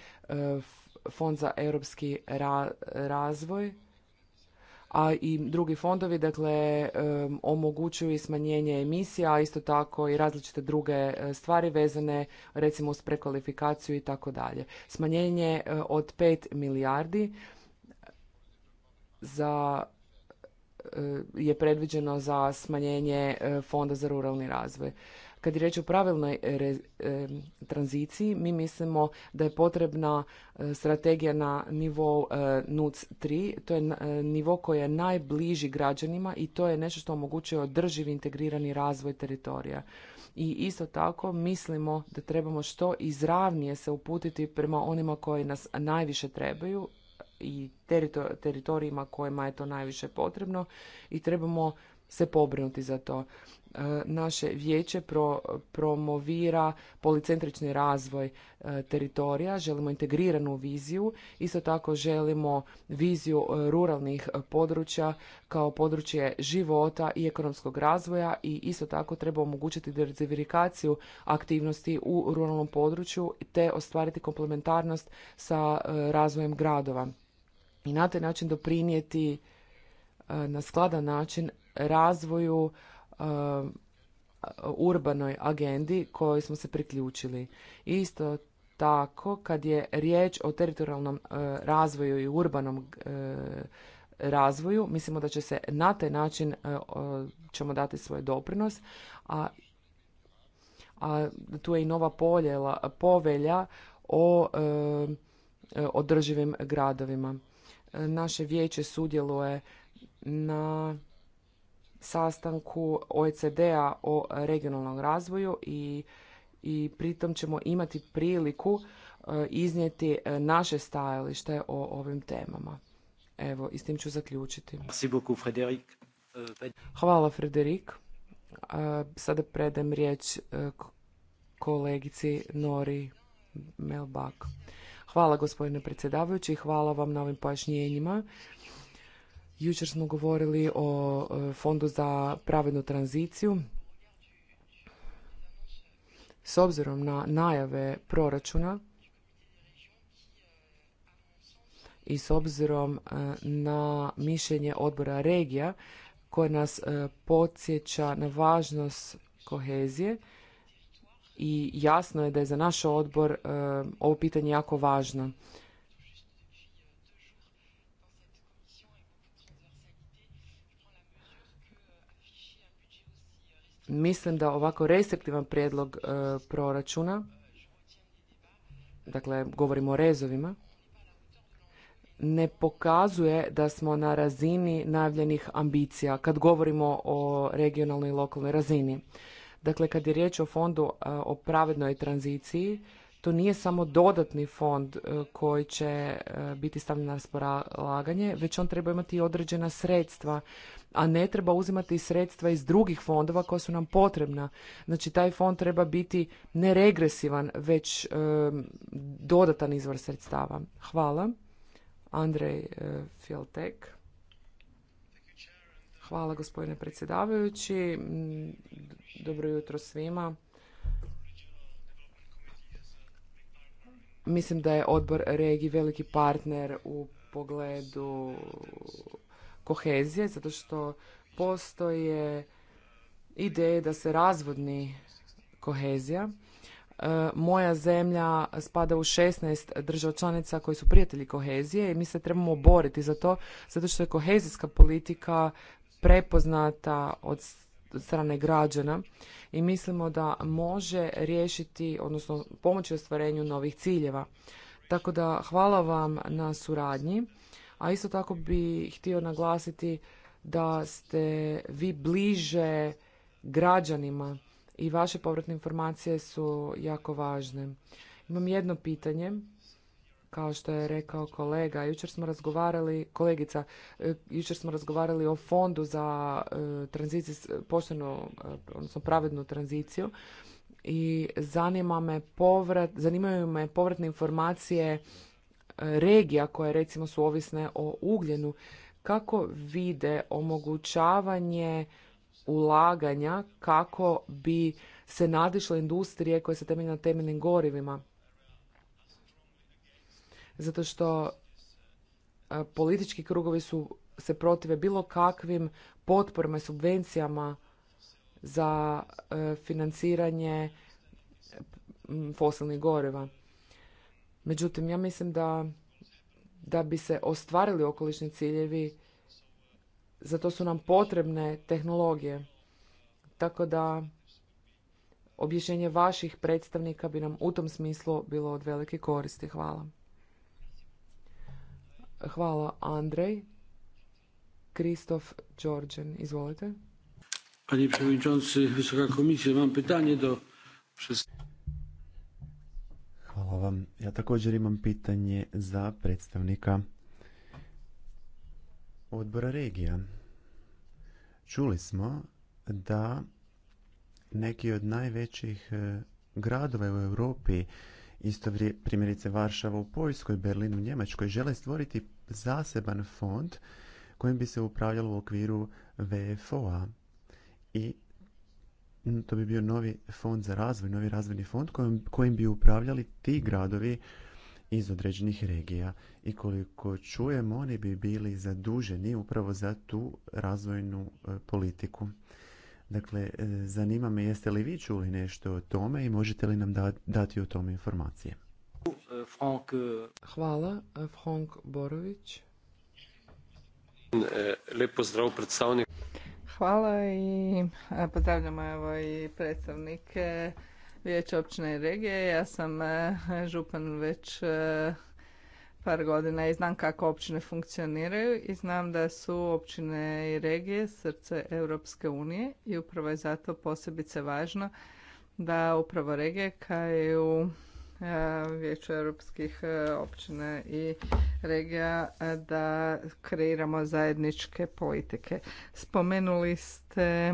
fond za europski razvoj a i drugi fondovi dakle omogućuju i smanjenje emisija, a isto tako i različite druge e, stvari vezane recimo s prekvalifikaciju i tako dalje. Smanjenje e, od 5 milijardi e, za je predviđeno za smanjenje fonda za ruralni razvoj. Kad je riječ o pravilnoj e, re, e, tranziciji, mi mislimo da je potrebna e, strategija na nivou NUC 3. To je nivo koji je najbliži građanima i to je nešto što omogućuje održiv integrirani razvoj teritorija. I isto tako mislimo da trebamo što izravnije se uputiti prema onima koji nas najviše trebaju i teritorijima kojima je to najviše potrebno i trebamo se pobrinuti za to. E, naše vijeće pro, promovira policentrični razvoj e, teritorija, želimo integriranu viziju, isto tako želimo viziju e, ruralnih područja kao područje života i ekonomskog razvoja i isto tako treba omogućiti diversifikaciju aktivnosti u ruralnom području te ostvariti komplementarnost sa razvojem gradova i na taj način doprinijeti na skladan način razvoju, eh, urbanoj agendi kojoj smo se priključili. Isto tako, kad je riječ o teritorijalnom eh, razvoju i urbanom eh, razvoju, mislimo da će se na taj način ćemo dati svoj doprinos, a, a tu je i nova poljela, povelja o održivim gradovima. Naše vijeće sudjeluje na sastanku OECD-a o regionalnom razvoju i, i pritom ćemo imati priliku e, iznijeti e, naše stajalište o ovim temama. Evo, i s tim ću zaključiti. E, hvala, Frederik. Sada predem riječ kolegici Nori Melbak. Hvala, gospodine predsjedavajući, hvala vam na ovim pojašnjenjima. Jučer smo govorili o e, Fondu za pravednu tranziciju. S obzirom na najave proračuna i s obzirom e, na mišljenje odbora regija koje nas e, podsjeća na važnost kohezije i jasno je da je za naš odbor ovo pitanje jako važno. mislim da ovako restriktivan prijedlog e, proračuna, dakle govorimo o rezovima, ne pokazuje da smo na razini najavljenih ambicija kad govorimo o regionalnoj i lokalnoj razini. Dakle, kad je riječ o fondu e, o pravednoj tranziciji, to nije samo dodatni fond e, koji će e, biti stavljen na raspolaganje, već on treba imati i određena sredstva, a ne treba uzimati sredstva iz drugih fondova koja su nam potrebna. Znači, taj fond treba biti ne regresivan, već e, dodatan izvor sredstava. Hvala. Andrej Fjeltek. Hvala gospodine predsjedavajući. Mm, dobro jutro svima. Mislim da je odbor regiji veliki partner u pogledu kohezije, zato što postoje ideje da se razvodni kohezija. E, moja zemlja spada u 16 država članica koji su prijatelji kohezije i mi se trebamo boriti za to, zato što je kohezijska politika prepoznata od strane građana i mislimo da može riješiti, odnosno pomoći ostvarenju novih ciljeva. Tako da hvala vam na suradnji, a isto tako bi htio naglasiti da ste vi bliže građanima i vaše povratne informacije su jako važne. Imam jedno pitanje kao što je rekao kolega. Jučer smo razgovarali, kolegica, e, jučer smo razgovarali o fondu za e, poštenu, e, odnosno pravednu tranziciju i zanima me povrat, zanimaju me povratne informacije regija koje recimo su ovisne o ugljenu. Kako vide omogućavanje ulaganja kako bi se nadišle industrije koje se temelje na temeljnim gorivima? zato što e, politički krugovi su se protive bilo kakvim potporama i subvencijama za e, financiranje fosilnih goriva. Međutim, ja mislim da, da bi se ostvarili okolišni ciljevi, zato su nam potrebne tehnologije. Tako da objašnjenje vaših predstavnika bi nam u tom smislu bilo od velike koristi. Hvala. Hvala Andrej. Kristof Đorđen, izvolite. Panie przewodniczący, Wysoka Komisja, mam pytanie do Hvala vam. Ja također imam pitanje za predstavnika odbora regija. Čuli smo da neki od najvećih eh, gradova u Europi Isto primjerice Varšava u Poljskoj, Berlin u Njemačkoj žele stvoriti zaseban fond kojim bi se upravljalo u okviru VFO-a. I to bi bio novi fond za razvoj, novi razvojni fond kojim, kojim bi upravljali ti gradovi iz određenih regija i koliko čujem oni bi bili zaduženi upravo za tu razvojnu e, politiku. Dakle, e, zanima me jeste li vi čuli nešto o tome i možete li nam dati o tome informacije? Frank... E, Hvala, e, Frank Borović. Lijep pozdrav predstavnik. Hvala i pozdravljamo evo i predstavnike Vijeća općine i regije. Ja sam župan već par godina i znam kako općine funkcioniraju i znam da su općine i regije srce Europske unije i upravo je zato posebice važno da upravo regije kao i u e, Vijeću europskih e, općina i regija e, da kreiramo zajedničke politike. Spomenuli ste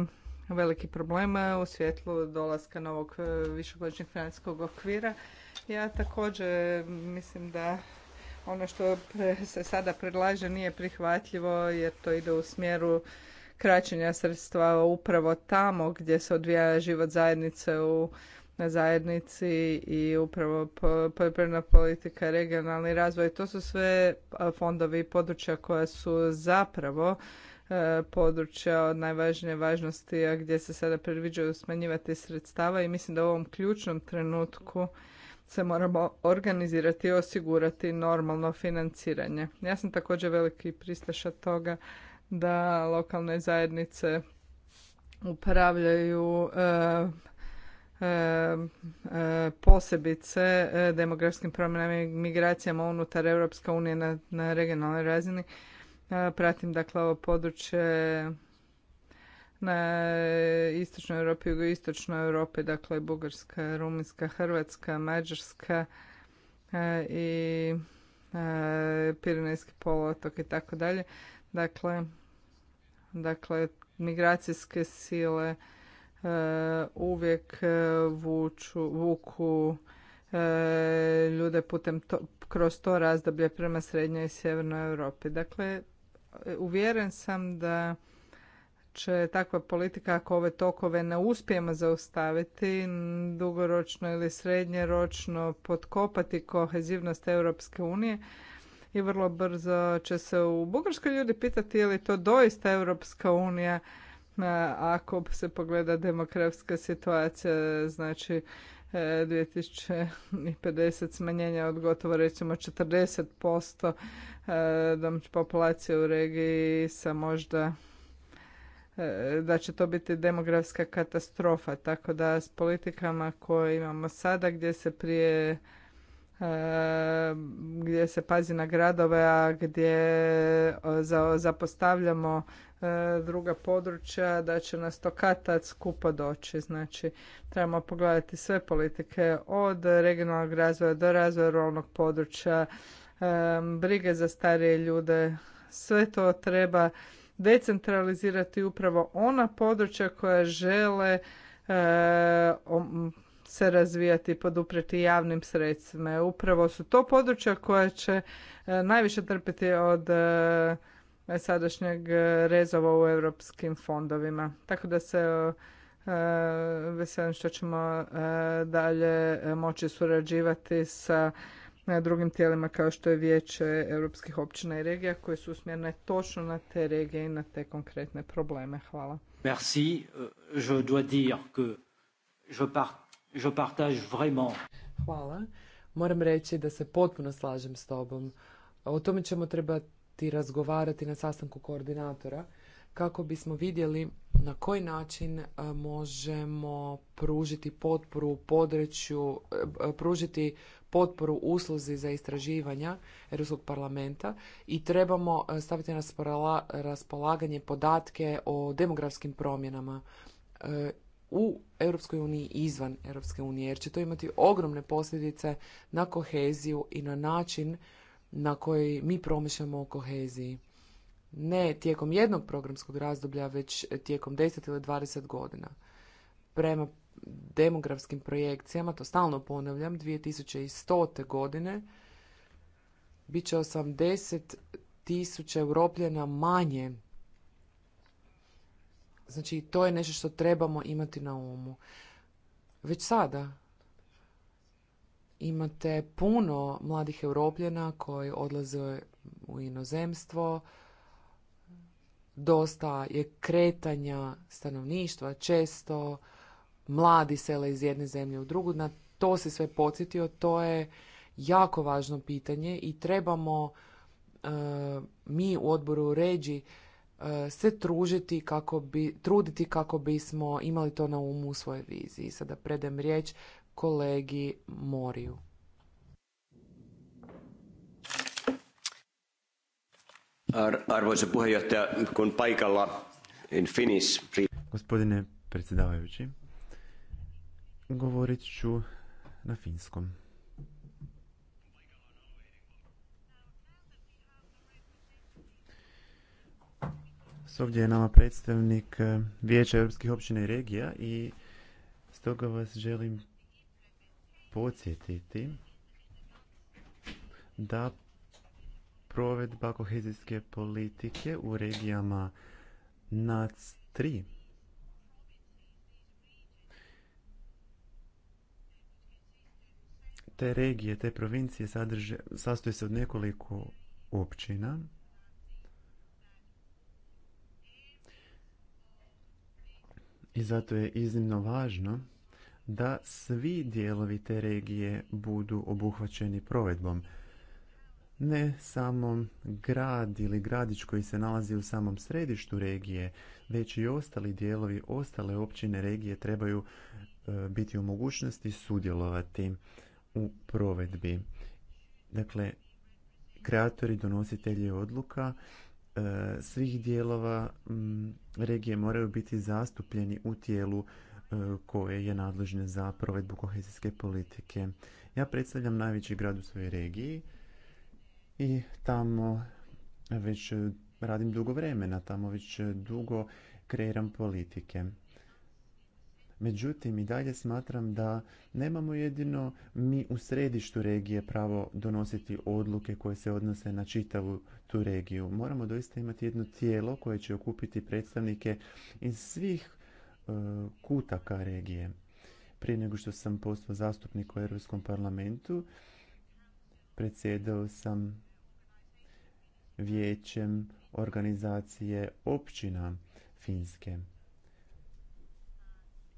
veliki problema u svjetlu dolaska novog višegodišnjeg financijskog okvira. Ja također mislim da ono što se sada predlaže nije prihvatljivo jer to ide u smjeru kraćenja sredstva upravo tamo gdje se odvija život zajednice u na zajednici i upravo poljoprivredna politika, regionalni razvoj. To su sve fondovi i područja koja su zapravo e, područja od najvažnije važnosti, a gdje se sada predviđaju smanjivati sredstava i mislim da u ovom ključnom trenutku se moramo organizirati i osigurati normalno financiranje. Ja sam također veliki pristaša toga da lokalne zajednice upravljaju e, e, e, posebice demografskim promjenama i migracijama unutar Europske unije na, na regionalnoj razini. Pratim dakle ovo područje na istočnoj Europi, jugoistočnoj Europi, dakle Bugarska, Rumunjska, Hrvatska, Mađarska e, i e, Pirinejski poluotok i tako dalje. Dakle, dakle migracijske sile e, uvijek vuču, vuku ljude putem kroz to razdoblje prema srednjoj i sjevernoj Europi. Dakle, uvjeren sam da će takva politika, ako ove tokove ne uspijemo zaustaviti, dugoročno ili srednjeročno potkopati kohezivnost Europske unije i vrlo brzo će se u Bugarskoj ljudi pitati je li to doista Europska unija ako se pogleda demografska situacija, znači 2050 e, smanjenja od gotovo recimo 40% e, populacije u regiji sa možda E, da će to biti demografska katastrofa. Tako da s politikama koje imamo sada gdje se prije e, gdje se pazi na gradove, a gdje zapostavljamo e, druga područja, da će nas to katac skupo doći. Znači, trebamo pogledati sve politike od regionalnog razvoja do razvoja ruralnog područja, brige za starije ljude, sve to treba decentralizirati upravo ona područja koja žele e, se razvijati, poduprijeti javnim sredstvima. E, upravo su to područja koja će e, najviše trpiti od sadašnjeg rezova u europskim fondovima. Tako da se veselim što ćemo dalje moći surađivati sa na drugim tijelima kao što je vijeće europskih općina i regija koje su usmjerene točno na te regije i na te konkretne probleme. Hvala. Merci. Euh, je dois dire que je, partage vraiment. Hvala. Moram reći da se potpuno slažem s tobom. O tome ćemo trebati razgovarati na sastanku koordinatora kako bismo vidjeli na koji način e, možemo pružiti potporu području, e, pružiti potporu usluzi za istraživanja Europskog parlamenta i trebamo e, staviti na raspolaganje podatke o demografskim promjenama e, u Europskoj uniji i izvan Europske unije, jer će to imati ogromne posljedice na koheziju i na način na koji mi promišljamo o koheziji. Ne tijekom jednog programskog razdoblja, već tijekom 10 ili 20 godina. Prema demografskim projekcijama, to stalno ponavljam, 2100. godine bit će 80 tisuća europljena manje. Znači, to je nešto što trebamo imati na umu. Već sada imate puno mladih europljena koji odlaze u inozemstvo, dosta je kretanja stanovništva, često mladi sele iz jedne zemlje u drugu. Na to se sve podsjetio, to je jako važno pitanje i trebamo e, mi u odboru ređi e, se tružiti kako bi, truditi kako bismo imali to na umu u svojoj viziji. Sada predem riječ kolegi Moriju. Arvoisa in Gospodine predsjedavajući, Govorit ću na finskom. Ovdje je nama predstavnik eh, Vijeća Europskih općina i regija i stoga vas želim podsjetiti da provedba kohezijske politike u regijama NAC 3 te regije, te provincije sadrže, sastoje se od nekoliko općina. I zato je iznimno važno da svi dijelovi te regije budu obuhvaćeni provedbom. Ne samo grad ili gradić koji se nalazi u samom središtu regije, već i ostali dijelovi, ostale općine regije trebaju e, biti u mogućnosti sudjelovati u provedbi. Dakle, kreatori, donositelji odluka e, svih dijelova regije moraju biti zastupljeni u tijelu e, koje je nadležne za provedbu kohezijske politike. Ja predstavljam najveći grad u svojoj regiji i tamo već radim dugo vremena, tamo već dugo kreiram politike. Međutim, i dalje smatram da nemamo jedino mi u središtu regije pravo donositi odluke koje se odnose na čitavu tu regiju. Moramo doista imati jedno tijelo koje će okupiti predstavnike iz svih e, kutaka regije. Prije nego što sam postao zastupnik u Europskom parlamentu, predsjedao sam vijećem organizacije općina Finske.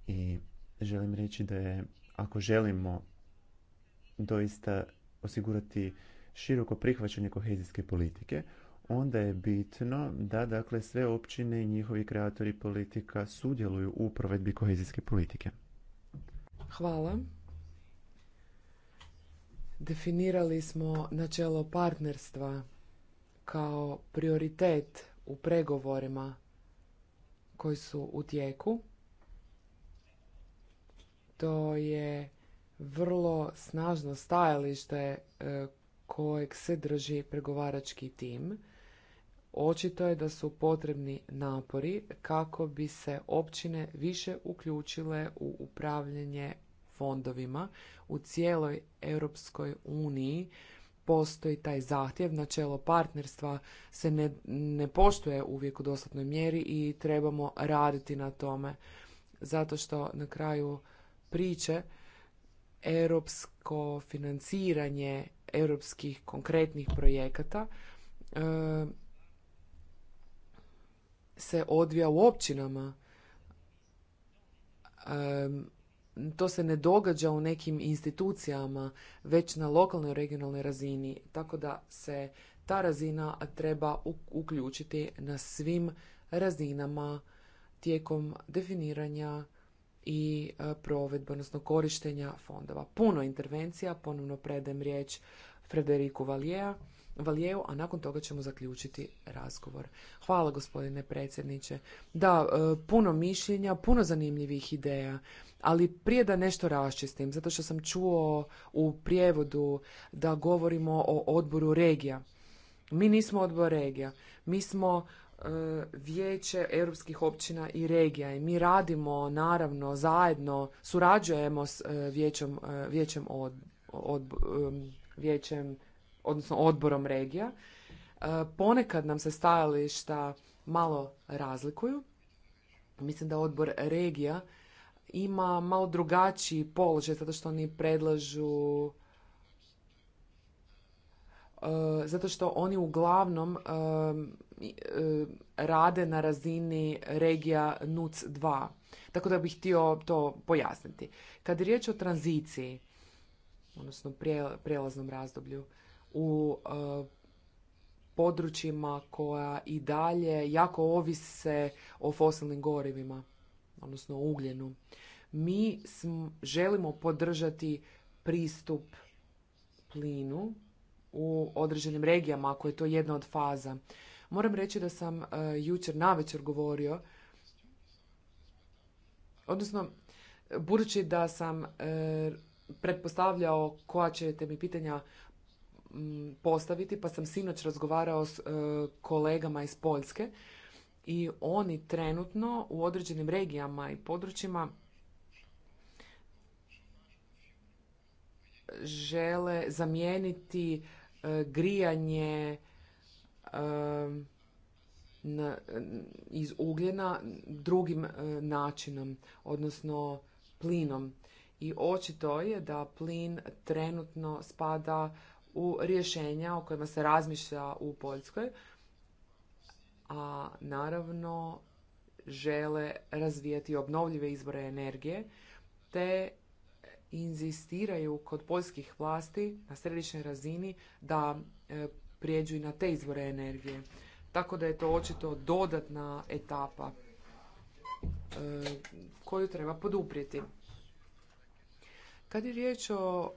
I želim reći da je, ako želimo doista osigurati široko prihvaćanje kohezijske politike, onda je bitno da dakle sve općine i njihovi kreatori politika sudjeluju u provedbi kohezijske politike. Hvala. Definirali smo načelo partnerstva kao prioritet u pregovorima koji su u tijeku to je vrlo snažno stajalište e, kojeg se drži pregovarački tim. Očito je da su potrebni napori kako bi se općine više uključile u upravljanje fondovima. U cijeloj Europskoj uniji postoji taj zahtjev, načelo partnerstva se ne, ne poštuje uvijek u dostatnoj mjeri i trebamo raditi na tome. Zato što na kraju priče, europsko financiranje europskih konkretnih projekata eh, se odvija u općinama. Eh, to se ne događa u nekim institucijama, već na lokalnoj regionalnoj razini, tako da se ta razina treba uključiti na svim razinama tijekom definiranja i e, provedbe, odnosno korištenja fondova. Puno intervencija, ponovno predajem riječ Frederiku Valjeja, valjeju a nakon toga ćemo zaključiti razgovor. Hvala gospodine predsjedniče. Da, e, puno mišljenja, puno zanimljivih ideja, ali prije da nešto raščistim, zato što sam čuo u prijevodu da govorimo o odboru regija. Mi nismo odbor regija, mi smo E, vijeće europskih općina i regija i mi radimo naravno zajedno, surađujemo s e, vijećem, e, vijećem, od, od, vijećem odnosno odborom regija. Ponekad nam se stajališta malo razlikuju. Mislim da odbor regija ima malo drugačiji položaj zato što oni predlažu zato što oni uglavnom E, rade na razini regija NUC 2. Tako da bih htio to pojasniti. Kad je riječ o tranziciji, odnosno prijelaznom razdoblju, u e, područjima koja i dalje jako ovise o fosilnim gorivima, odnosno ugljenu. Mi želimo podržati pristup plinu u određenim regijama, ako je to jedna od faza. Moram reći da sam e, jučer navečer govorio, odnosno budući da sam e, pretpostavljao koja ćete mi pitanja postaviti, pa sam sinoć razgovarao s e, kolegama iz Poljske i oni trenutno u određenim regijama i područjima žele zamijeniti grijanje na, iz ugljena drugim e, načinom, odnosno plinom. I očito je da plin trenutno spada u rješenja o kojima se razmišlja u Poljskoj, a naravno žele razvijati obnovljive izvore energije, te inzistiraju kod poljskih vlasti na središnjoj razini da e, prijeđu i na te izvore energije. Tako da je to očito dodatna etapa e, koju treba poduprijeti. Kad je riječ o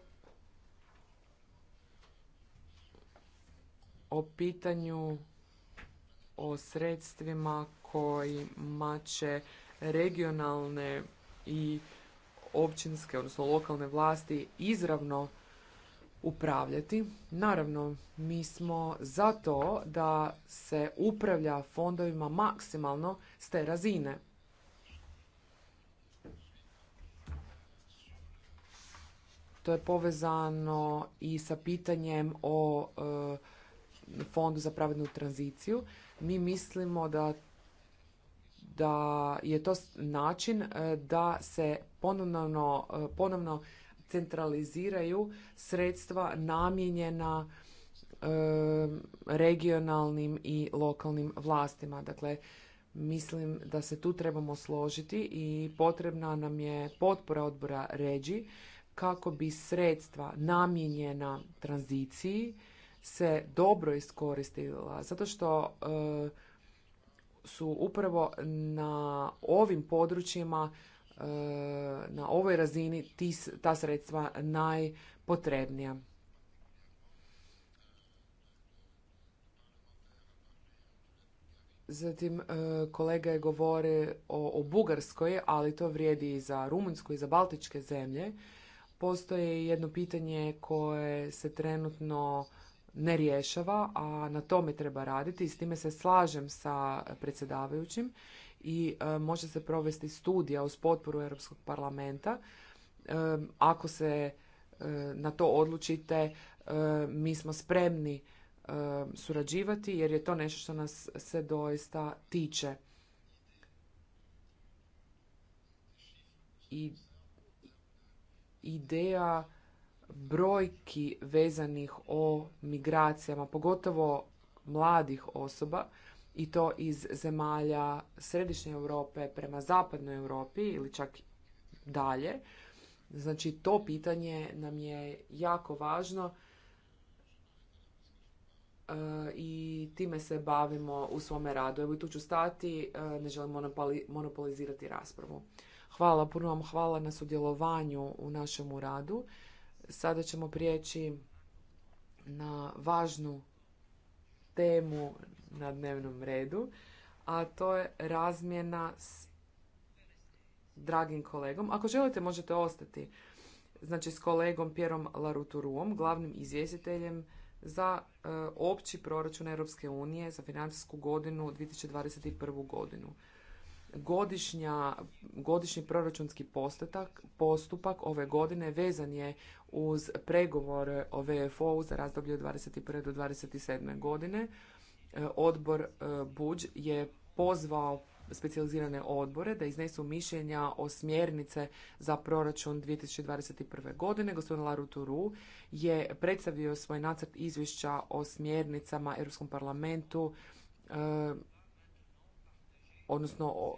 o pitanju o sredstvima kojima će regionalne i općinske, odnosno lokalne vlasti izravno upravljati. Naravno, mi smo za to da se upravlja fondovima maksimalno s te razine. To je povezano i sa pitanjem o e, fondu za pravednu tranziciju. Mi mislimo da da je to način e, da se ponovno, e, ponovno centraliziraju sredstva namijenjena e, regionalnim i lokalnim vlastima. Dakle, mislim da se tu trebamo složiti i potrebna nam je potpora odbora ređi kako bi sredstva namijenjena tranziciji se dobro iskoristila zato što e, su upravo na ovim područjima Eh, na ovoj razini ta sredstva najpotrebnija. Zatim eh, kolega je govore o, Bugarskoj, ali to vrijedi i za Rumunjsku i za Baltičke zemlje. Postoji jedno pitanje koje se trenutno ne rješava, a na tome treba raditi i s time se slažem sa predsjedavajućim i e, može se provesti studija uz potporu Europskog parlamenta. E, ako se e, na to odlučite, mi smo spremni surađivati jer je to nešto što nas se doista tiče. I ideja brojki vezanih o migracijama, pogotovo mladih osoba, i to iz zemalja središnje Europe prema zapadnoj Europi ili čak dalje. Znači to pitanje nam je jako važno e, i time se bavimo u svome radu. Evo i tu ću stati, e, ne želim monopolizirati raspravu. Hvala, puno vam hvala na sudjelovanju u našemu radu. Sada ćemo prijeći na važnu temu na dnevnom redu, a to je razmjena s dragim kolegom. Ako želite, možete ostati. Znači s kolegom Pjerom Laruturuom, glavnim izvjestiteljem za e, opći proračun Europske unije za financijsku godinu 2021. godinu. Godišnja, godišnji proračunski postotak, postupak ove godine vezan je uz pregovore o VFO-u za razdoblje od 21. do 27. godine. E, odbor e, Buđ je pozvao specijalizirane odbore da iznesu mišljenja o smjernice za proračun 2021. godine. Gospodin Laruturu je predstavio svoj nacrt izvješća o smjernicama Europskom parlamentu e, odnosno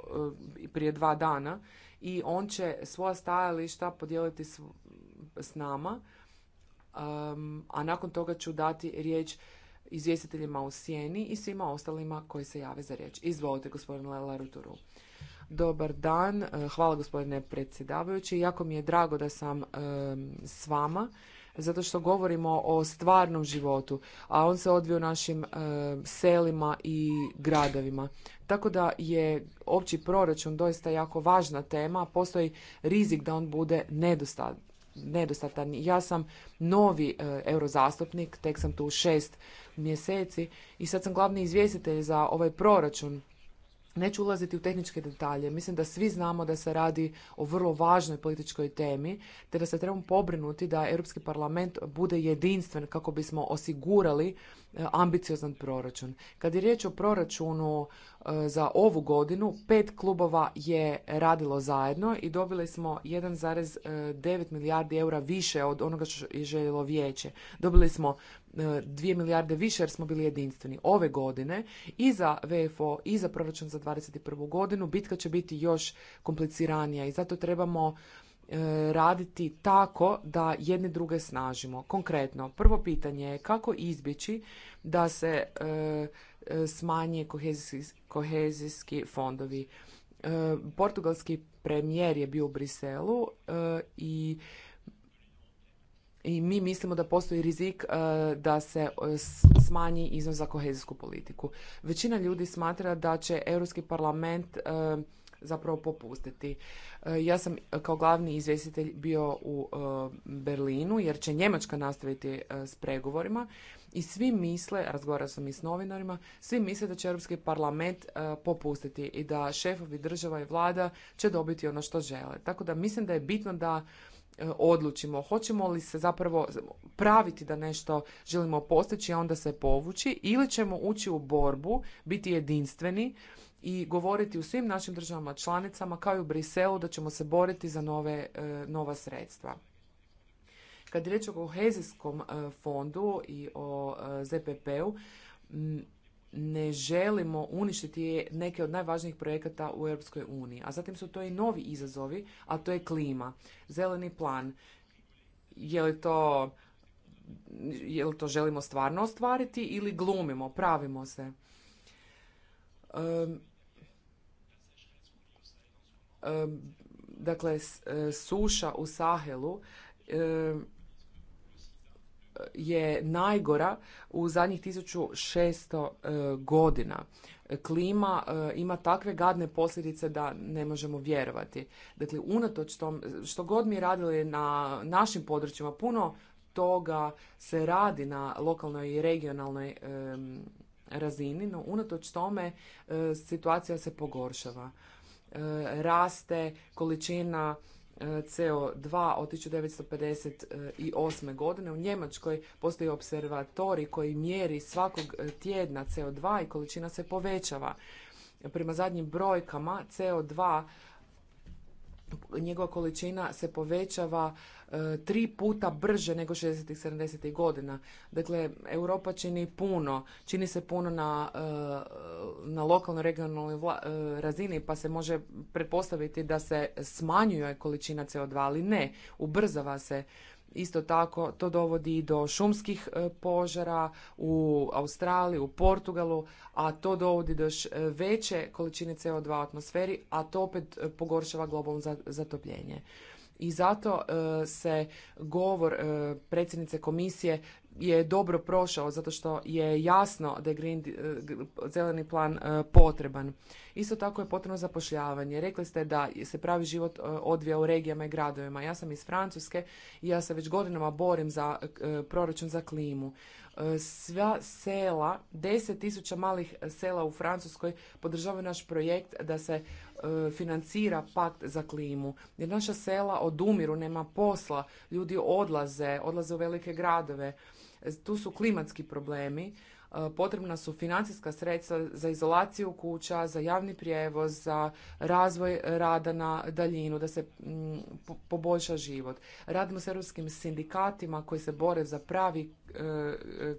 e, prije dva dana i on će svoja stajališta podijeliti s, s nama, a nakon toga ću dati riječ izvjestiteljima u sjeni i svima ostalima koji se jave za riječ. Izvolite, gospodine Laruturu. Dobar dan, e, hvala gospodine predsjedavajući. Jako mi je drago da sam s vama zato što govorimo o stvarnom životu, a on se odvio u našim e, selima i gradovima. Tako da je opći proračun doista jako važna tema, postoji rizik da on bude nedostatan nedostatan. Ja sam novi e, eurozastupnik, tek sam tu šest mjeseci i sad sam glavni izvjestitelj za ovaj proračun Neću ulaziti u tehničke detalje. Mislim da svi znamo da se radi o vrlo važnoj političkoj temi, te da se trebamo pobrinuti da Europski parlament bude jedinstven kako bismo osigurali E, ambiciozan proračun. Kad je riječ o proračunu e, za ovu godinu, pet klubova je radilo zajedno i dobili smo 1,9 milijardi eura više od onoga što je željelo vijeće. Dobili smo 2 e, milijarde više jer smo bili jedinstveni. Ove godine i za VFO i za proračun za 2021. godinu bitka će biti još kompliciranija i zato trebamo E, raditi tako da jedne druge snažimo. Konkretno, prvo pitanje je kako izbjeći da se e, e, smanje kohezijski, kohezijski fondovi. Portugalski premijer je bio u Briselu i i mi mislimo da postoji rizik da se smanji iznos za kohezijsku politiku. Većina ljudi smatra da će Europski parlament zapravo popustiti. E, ja sam e, kao glavni izvjestitelj bio u e, Berlinu jer će Njemačka nastaviti s pregovorima i svi misle, razgovarao sam i s novinarima, svi misle da će Europski parlament popustiti i da šefovi država i vlada će dobiti ono što žele. Tako da mislim da je bitno da odlučimo hoćemo li se zapravo praviti da nešto želimo postići a onda se povući ili ćemo ući u borbu biti jedinstveni i govoriti u svim našim državama članicama kao i u Briselu da ćemo se boriti za nove, e, nova sredstva. Kad je riječ o kohezijskom e, fondu i o e, ZPP-u, ne želimo uništiti neke od najvažnijih projekata u Europskoj uniji. A zatim su to i novi izazovi, a to je klima, zeleni plan. Je li to, je li to želimo stvarno ostvariti ili glumimo, pravimo se? dakle e, suša u Sahelu je najgora u zadnjih 1600 e, godina. Klima e, ima takve gadne posljedice da ne možemo vjerovati. Dakle, unatoč tom, što god mi radili na našim područjima, puno toga se radi na lokalnoj i regionalnoj razini, no unatoč tome situacija se pogoršava. E, raste količina e, CO2 od 1958. godine. U Njemačkoj postoji observatori koji mjeri svakog tjedna CO2 i količina se povećava. Prema zadnjim brojkama CO2 njegova količina se povećava e, tri puta brže nego 60 70 godina. Dakle, Europa čini puno. Čini se puno na, e, na lokalnoj, regionalnoj e, razini, pa se može pretpostaviti da se smanjuje količina CO2, ali ne, ubrzava se Isto tako to dovodi do šumskih e, požara u Australiji, u Portugalu, a to dovodi do još e, veće količine CO2 u atmosferi, a to opet e, pogoršava globalno zatopljenje. I zato se govor predsjednice komisije je dobro prošao zato što je jasno da je green, eh, zeleni plan eh, potreban. Isto tako je potrebno zapošljavanje. Rekli ste da se pravi život eh, odvija u regijama i gradovima. Ja sam iz Francuske i ja se već godinama borim za proračun za klimu. Sva sela, deset tisuća malih sela u Francuskoj podržavaju naš projekt da se financira pakt za klimu. Jer naša sela odumiru, nema posla, ljudi odlaze, odlaze u velike gradove. Tu su klimatski problemi E, potrebna su financijska sredstva za izolaciju kuća, za javni prijevoz, za razvoj rada na daljinu, da se mm, poboljša život. Radimo s europskim sindikatima koji se bore za pravi e,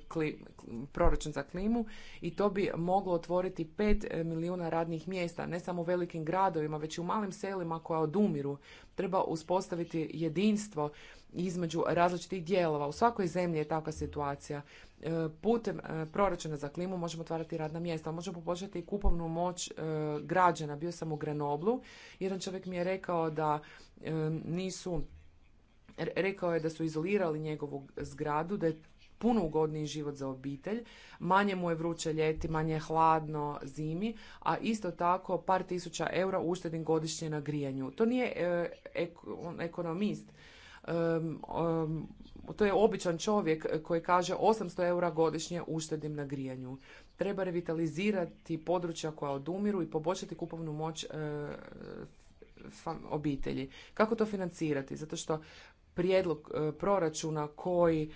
proračun za klimu i to bi moglo otvoriti pet milijuna radnih mjesta, ne samo u velikim gradovima, već i u malim selima koja odumiru. Treba uspostaviti jedinstvo između različitih dijelova. U svakoj zemlji je takva situacija. E, putem e, proračuna za klimu možemo otvarati radna mjesta, možemo poboljšati i kupovnu moć e, građana. Bio sam u Grenoblu, jedan čovjek mi je rekao da nisu, rekao je da su izolirali njegovu zgradu, da je puno ugodniji život za obitelj, manje mu je vruće ljeti, manje je hladno zimi, a isto tako par tisuća eura uštedim godišnje na grijanju. To nije ekonomist to je običan čovjek koji kaže 800 eura godišnje uštedim na grijanju. Treba revitalizirati područja koja odumiru i poboljšati kupovnu moć e, obitelji. Kako to financirati? Zato što prijedlog e, proračuna koji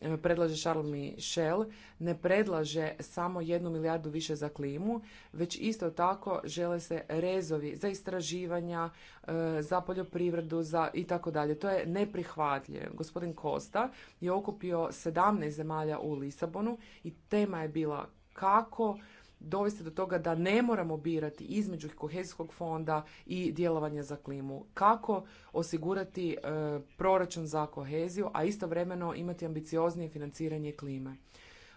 predlaže Charles Michel ne predlaže samo jednu milijardu više za klimu, već isto tako žele se rezovi za istraživanja, e, za poljoprivredu za i tako dalje. To je neprihvatljivo. Gospodin Costa je okupio 17 zemalja u Lisabonu i tema je bila kako dovesti do toga da ne moramo birati između kohezijskog fonda i djelovanja za klimu. Kako osigurati e, proračun za koheziju, a istovremeno imati ambicioznije financiranje klime.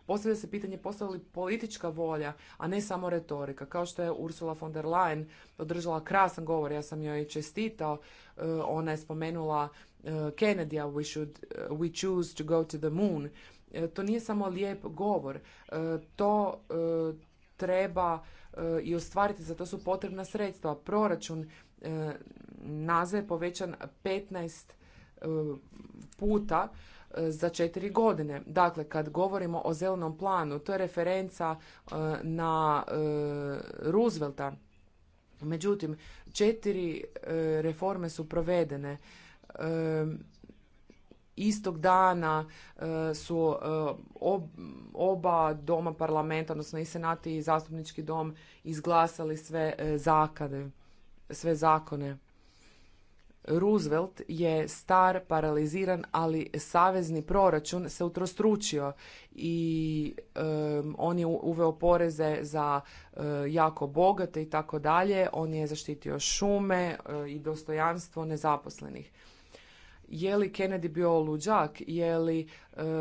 Postavlja se pitanje postoji li politička volja, a ne samo retorika. Kao što je Ursula von der Leyen održala krasan govor, ja sam joj čestitao, e, ona je spomenula e, Kennedy-a, we, should, e, we choose to go to the moon. To nije samo lijep govor, to treba e, i ostvariti, za to su potrebna sredstva. Proračun e, naze je povećan 15 e, puta za četiri godine. Dakle, kad govorimo o zelenom planu, to je referenca na Roosevelta. Međutim, četiri reforme su provedene istog dana e, su e, oba doma parlamenta, odnosno i Senati i zastupnički dom izglasali sve e, zakade, sve zakone. Roosevelt je star, paraliziran, ali savezni proračun se utrostručio i on je uveo poreze za jako bogate i tako dalje. On je zaštitio šume i dostojanstvo nezaposlenih. Je li Kennedy bio luđak? Je li e,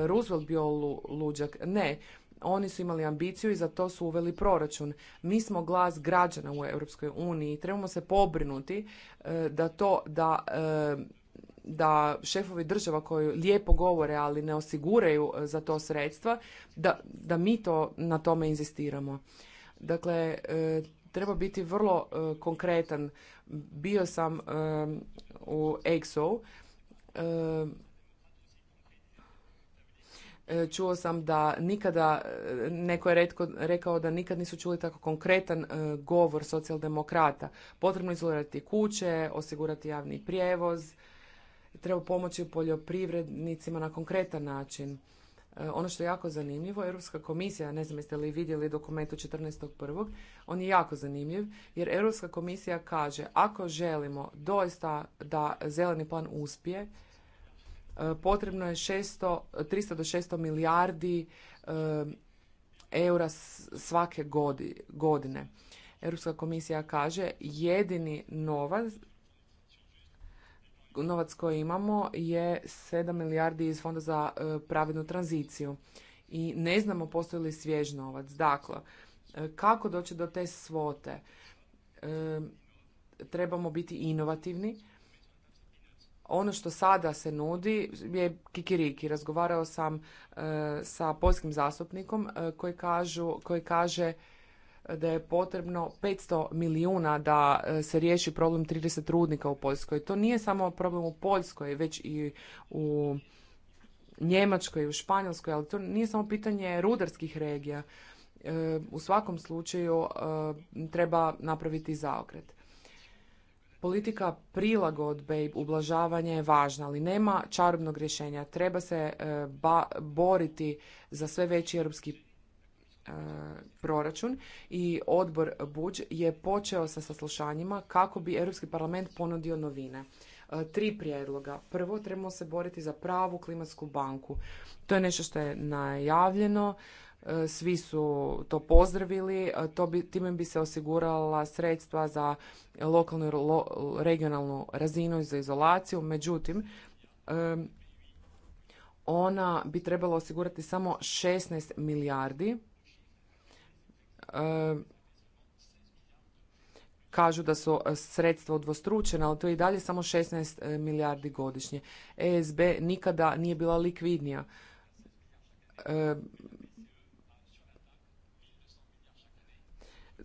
Roosevelt bio luđak? Ne. Oni su imali ambiciju i za to su uveli proračun. Mi smo glas građana u Europskoj uniji. Trebamo se pobrinuti e, da to da e, da šefovi država koji lijepo govore, ali ne osiguraju za to sredstva, da, da mi to na tome inzistiramo. Dakle, treba biti vrlo konkretan. Bio sam u EXO E, čuo sam da nikada, neko je rekao da nikad nisu čuli tako konkretan e, govor socijaldemokrata. Potrebno izolirati kuće, osigurati javni prijevoz, treba pomoći poljoprivrednicima na konkretan način. E, ono što je jako zanimljivo, Europska komisija, ne znam jeste li vidjeli dokument od 14.1., on je jako zanimljiv jer Europska komisija kaže ako želimo doista da zeleni plan uspije, e, potrebno je 600, 300 do 600 milijardi e, eura svake godine. Europska komisija kaže jedini novac novac koji imamo je 7 milijardi iz Fonda za e, pravednu tranziciju i ne znamo postoji li svjež novac. Dakle, e, kako doći do te svote? E, trebamo biti inovativni. Ono što sada se nudi je kikiriki. Razgovarao sam sa poljskim zastupnikom koji, kažu, koji kaže da je potrebno 500 milijuna da e, se riješi problem 30 rudnika u Poljskoj. To nije samo problem u Poljskoj, već i u Njemačkoj, u Španjolskoj, ali to nije samo pitanje rudarskih regija. E, u svakom slučaju e, treba napraviti zaokret. Politika prilagodbe i ublažavanja je važna, ali nema čarobnog rješenja. Treba se boriti za sve veći europski E, proračun i odbor Buđ je počeo sa saslušanjima kako bi Europski parlament ponudio novine. E, tri prijedloga. Prvo, trebamo se boriti za pravu klimatsku banku. To je nešto što je najavljeno, e, svi su to pozdravili, to bi, time bi se osigurala sredstva za lokalnu i regionalnu razinu i za izolaciju, međutim, ona bi trebala osigurati samo 16 milijardi E, kažu da su e, sredstva udvostručena, ali to je i dalje samo 16 e, milijardi godišnje. ESB nikada nije bila likvidnija.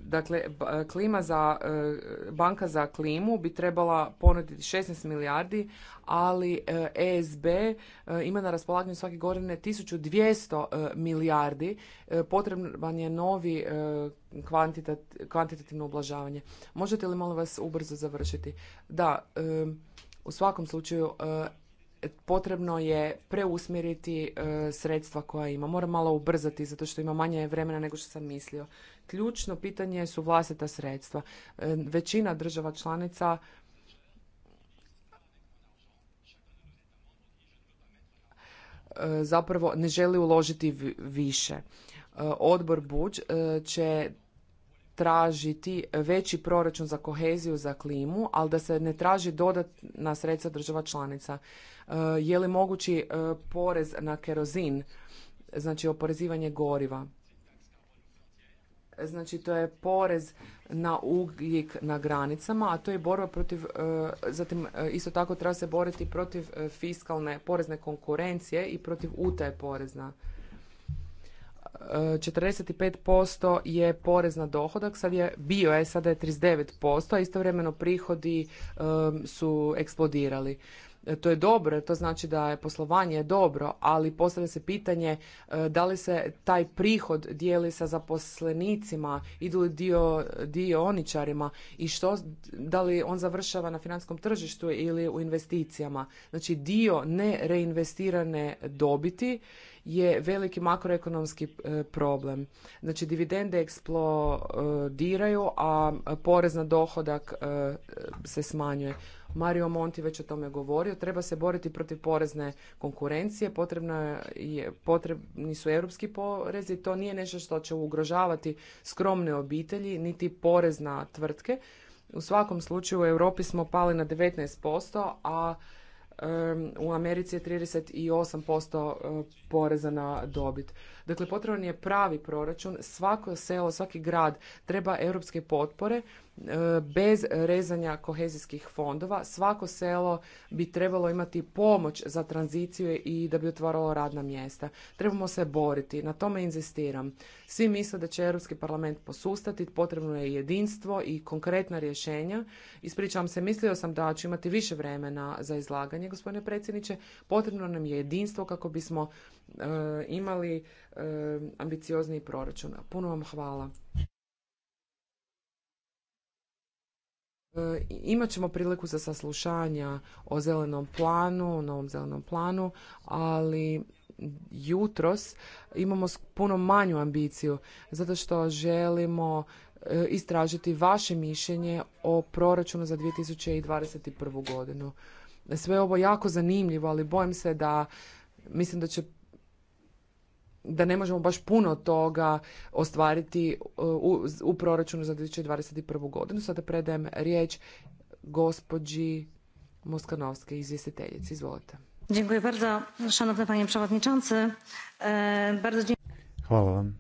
Dakle, klima za, e, banka za klimu bi trebala ponuditi 16 milijardi, ali ESB e e, ima na raspolaganju svake godine 1200 milijardi. Potreban je novi kvantitativno ublažavanje. Možete li molim vas ubrzo završiti? Da, u svakom slučaju potrebno je preusmjeriti sredstva koja ima. Moram malo ubrzati zato što ima manje vremena nego što sam mislio ključno pitanje su vlastita sredstva. E, većina država članica e, zapravo ne želi uložiti više. E, odbor Buđ će tražiti veći proračun za koheziju za klimu, ali da se ne traži dodatna sredstva država članica. Je li mogući porez na kerozin, znači oporezivanje goriva? znači to je porez na ugljik na granicama, a to je borba protiv, e, zatim e, isto tako treba se boriti protiv e, fiskalne porezne konkurencije i protiv utaje porezna. 45% je porez na dohodak, sad je bio je, sada je 39%, a istovremeno prihodi su eksplodirali. E, to je dobro, to znači da je poslovanje dobro, ali postavlja se pitanje e, da li se taj prihod dijeli sa zaposlenicima, idu li dio dioničarima i što, da li on završava na financijskom tržištu ili u investicijama. Znači dio ne dobiti je veliki makroekonomski e, problem. Znači dividende eksplodiraju, a porez na dohodak se smanjuje. Mario Monti već o tome govorio, treba se boriti protiv porezne konkurencije, potrebna je, potrebni su europski porezi, to nije nešto što će ugrožavati skromne obitelji, niti porezna tvrtke. U svakom slučaju u Europi smo pali na 19%, a u Americi je 38% e, poreza na dobit. Dakle, potreban je pravi proračun. Svako selo, svaki grad treba europske potpore bez rezanja kohezijskih fondova svako selo bi trebalo imati pomoć za tranziciju i da bi otvaralo radna mjesta. Trebamo se boriti, na tome inzistiram. Svi misle da će Europski parlament posustati, potrebno je jedinstvo i konkretna rješenja. Ispričavam se, mislio sam da ću imati više vremena za izlaganje, gospodine predsjedniče. Potrebno nam je jedinstvo kako bismo e, imali ambiciozni e, ambiciozniji proračun. Puno vam hvala. Imat ćemo priliku za saslušanja o zelenom planu, o novom zelenom planu, ali jutros imamo puno manju ambiciju zato što želimo e, istražiti vaše mišljenje o proračunu za 2021. godinu. Sve ovo jako zanimljivo, ali bojim se da mislim da će da ne možemo baš puno toga ostvariti e, u, proračunu za 2021. godinu. Sada predajem riječ gospođi Moskanovske, izvjestiteljici. Izvolite. Dziękuję bardzo, szanowny panie przewodniczący. E, bardzo Hvala vam.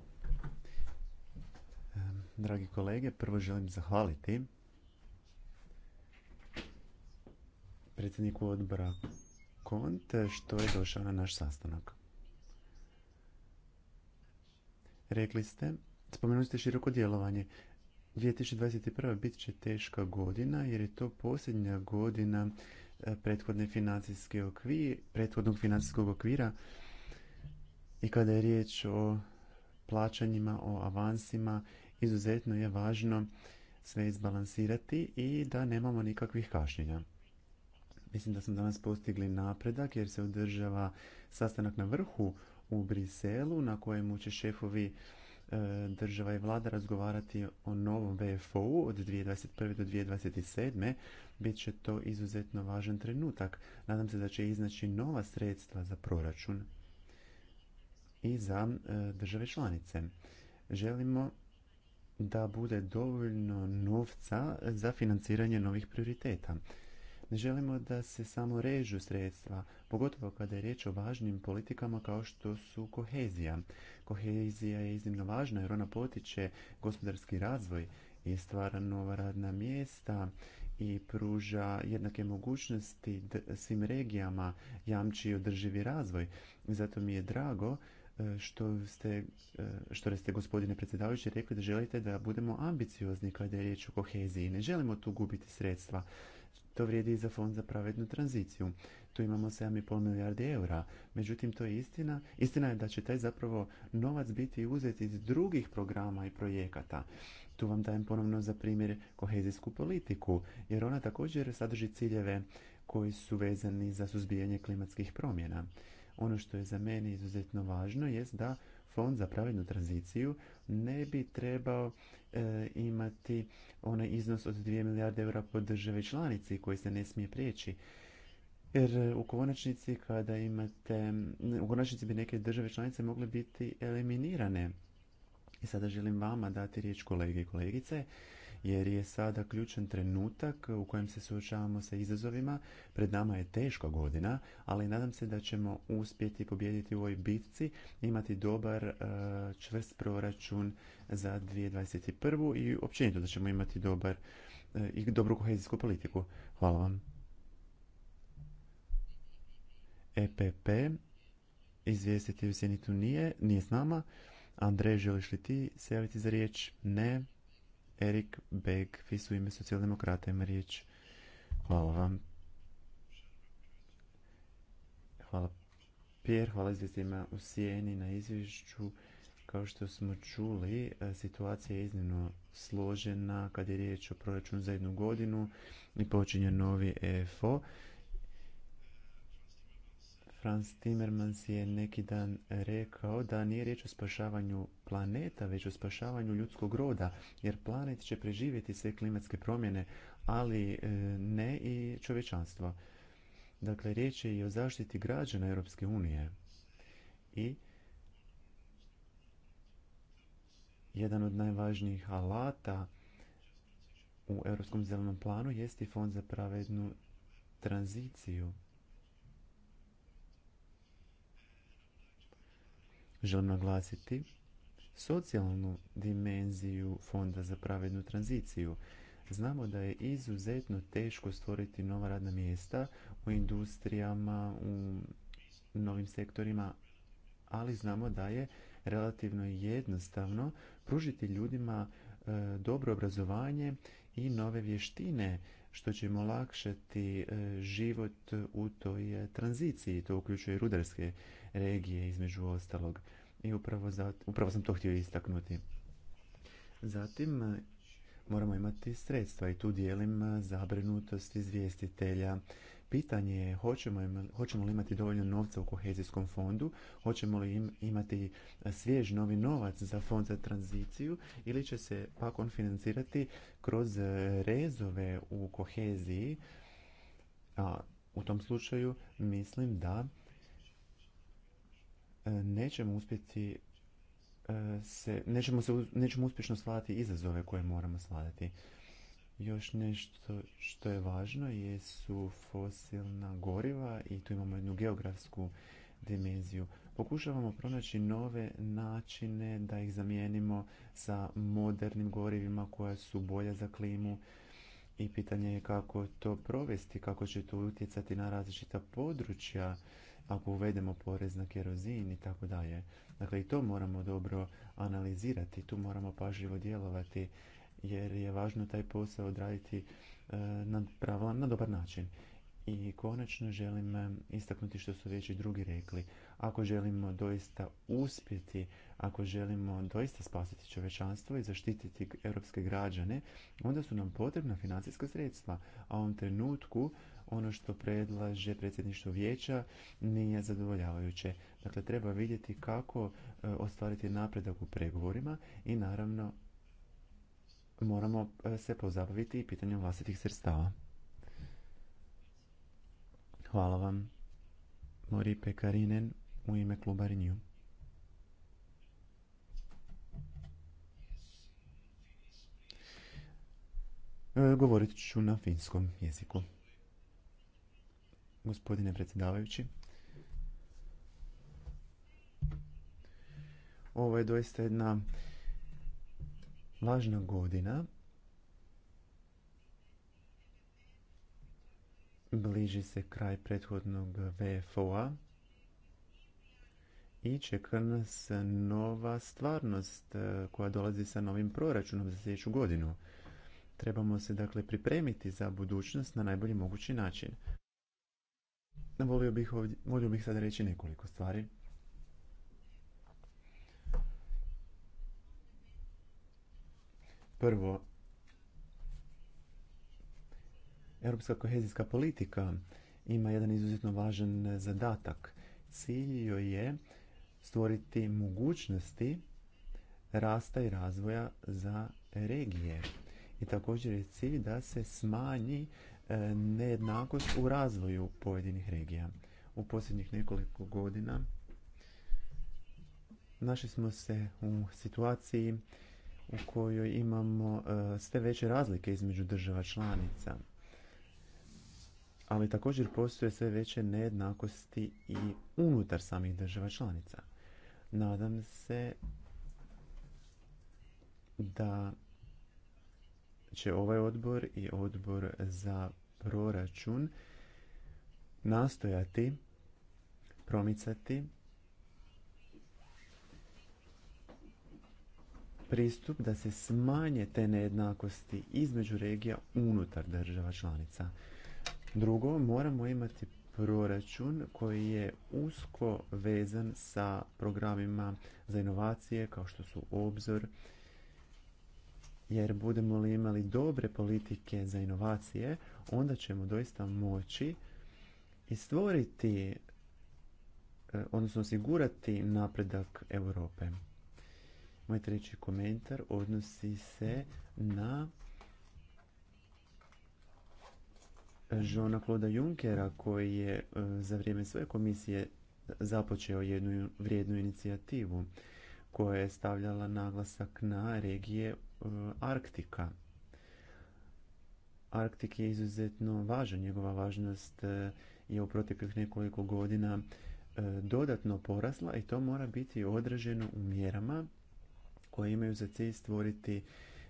E, dragi kolege, prvo želim zahvaliti predsjedniku odbora Konte što je došao na naš sastanak. Rekli ste, spomenuli ste široko djelovanje. 2021. bit će teška godina jer je to posljednja godina e, prethodne financijske prethodnog financijskog okvira i kada je riječ o plaćanjima, o avansima, izuzetno je važno sve izbalansirati i da nemamo nikakvih kašnjenja. Mislim da smo danas postigli napredak jer se održava sastanak na vrhu u Briselu na kojemu će šefovi e, država i vlada razgovarati o novom VFO-u od 2021. do 2027. Bit će to izuzetno važan trenutak. Nadam se da će iznaći nova sredstva za proračun i za e, države članice. Želimo da bude dovoljno novca za financiranje novih prioriteta. Ne želimo da se samo režu sredstva, pogotovo kada je riječ o važnim politikama kao što su kohezija. Kohezija je iznimno važna jer ona potiče gospodarski razvoj i stvara nova radna mjesta i pruža jednake mogućnosti svim regijama, jamči održivi razvoj. Zato mi je drago e, što ste, e, što ste gospodine predsjedavajući rekli da želite da budemo ambiciozni kada je riječ o koheziji. Ne želimo tu gubiti sredstva. To vrijedi i za fond za pravednu tranziciju. Tu imamo 7,5 milijardi eura. Međutim, to je istina. Istina je da će taj zapravo novac biti uzet iz drugih programa i projekata. Tu vam dajem ponovno za primjer kohezijsku politiku, jer ona također sadrži ciljeve koji su vezani za suzbijanje klimatskih promjena. Ono što je za mene izuzetno važno jest da Fond za pravednu tranziciju ne bi trebao e, imati onaj iznos od 2 milijarde eura po državi članici koji se ne smije prijeći. Jer u konačnici kada imate, u konačnici bi neke države članice mogle biti eliminirane. I sada želim vama dati riječ kolege i kolegice jer je sada ključan trenutak u kojem se suočavamo sa izazovima. Pred nama je teška godina, ali nadam se da ćemo uspjeti pobijediti u ovoj bitci, imati dobar e, čvrst proračun za 2021. i općenito da ćemo imati dobar e, i dobru kohezijsku politiku. Hvala vam. EPP, izvijestiti u sjenitu nije, nije s nama. Andrej, želiš li ti se javiti za riječ? Ne. Erik Beg, u ime socijaldemokrata ima riječ. Hvala vam. Hvala Pierre. hvala izvjestima u Sijeni na izvješću. Kao što smo čuli, e, situacija je iznimno složena kad je riječ o proračunu za jednu godinu i počinje novi EFO. Franz Timmermans je neki dan rekao da nije riječ o spašavanju planeta, već o spašavanju ljudskog roda, jer planet će preživjeti sve klimatske promjene, ali e, ne i čovječanstvo. Dakle, riječ je i o zaštiti građana Europske unije. I jedan od najvažnijih alata u Europskom zelenom planu jeste fond za pravednu tranziciju. Želim naglasiti socijalnu dimenziju Fonda za pravednu tranziciju. Znamo da je izuzetno teško stvoriti nova radna mjesta u industrijama, u novim sektorima, ali znamo da je relativno jednostavno pružiti ljudima e, dobro obrazovanje i nove vještine što će im olakšati e, život u toj e, tranziciji. To uključuje rudarske regije između ostalog i upravo, upravo sam to htio istaknuti. Zatim e, moramo imati sredstva i tu dijelim e, zabrinutost izvjestitelja. Pitanje je hoćemo, hoćemo li imati dovoljno novca u kohezijskom fondu, hoćemo li imati e, svjež novi novac za fond za tranziciju ili će se pak financirati kroz rezove u koheziji. A, u tom slučaju mislim da E, nećemo uspjeti e, se, nećemo, se, nećemo uspješno slati izazove koje moramo slaviti. Još nešto što je važno jesu fosilna goriva i tu imamo jednu geografsku dimenziju. Pokušavamo pronaći nove načine da ih zamijenimo sa modernim gorivima koja su bolja za klimu i pitanje je kako to provesti, kako će to utjecati na različita područja ako uvedemo porez na kerozin i tako dalje. Dakle, i to moramo dobro analizirati, tu moramo pažljivo djelovati jer je važno taj posao odraditi e, na, na dobar način. I konačno želim e, istaknuti što su već i drugi rekli. Ako želimo doista uspjeti, ako želimo doista spasiti čovečanstvo i zaštititi europske građane, onda su nam potrebna financijska sredstva. A u ovom trenutku ono što predlaže predsjedništvo vijeća nije zadovoljavajuće. Dakle, treba vidjeti kako e, ostvariti napredak u pregovorima i naravno moramo e, se pozabaviti i pitanjem vlastitih sredstava. Hvala vam. Mori Karinen u ime kluba Renew. E, govorit ću na finskom jeziku. Gospodine predsjedavajući, ovo je doista jedna važna godina. Bliži se kraj prethodnog VFO-a i čeka nas nova stvarnost e, koja dolazi sa novim proračunom za sljedeću godinu. Trebamo se dakle pripremiti za budućnost na najbolji mogući način. Volio bih, ovdje, volio bih sad reći nekoliko stvari. Prvo, Europska kohezijska politika ima jedan izuzetno važan zadatak. Cilj joj je stvoriti mogućnosti rasta i razvoja za regije. I također je cilj da se smanji E, nejednakost u razvoju pojedinih regija. U posljednjih nekoliko godina našli smo se u situaciji u kojoj imamo e, sve veće razlike između država članica. Ali također postoje sve veće nejednakosti i unutar samih država članica. Nadam se da će ovaj odbor i odbor za proračun nastojati promicati pristup da se smanje te nejednakosti između regija unutar država članica. Drugo, moramo imati proračun koji je usko vezan sa programima za inovacije kao što su obzor, jer budemo li imali dobre politike za inovacije, onda ćemo doista moći i stvoriti, e, odnosno osigurati napredak Europe. Moj treći komentar odnosi se na Žona Kloda Junkera koji je e, za vrijeme svoje komisije započeo jednu vrijednu inicijativu koja je stavljala naglasak na regije e, Arktika. Arktik je izuzetno važan, njegova važnost e, je u proteklih nekoliko godina e, dodatno porasla i to mora biti odraženo u mjerama koje imaju za cilj stvoriti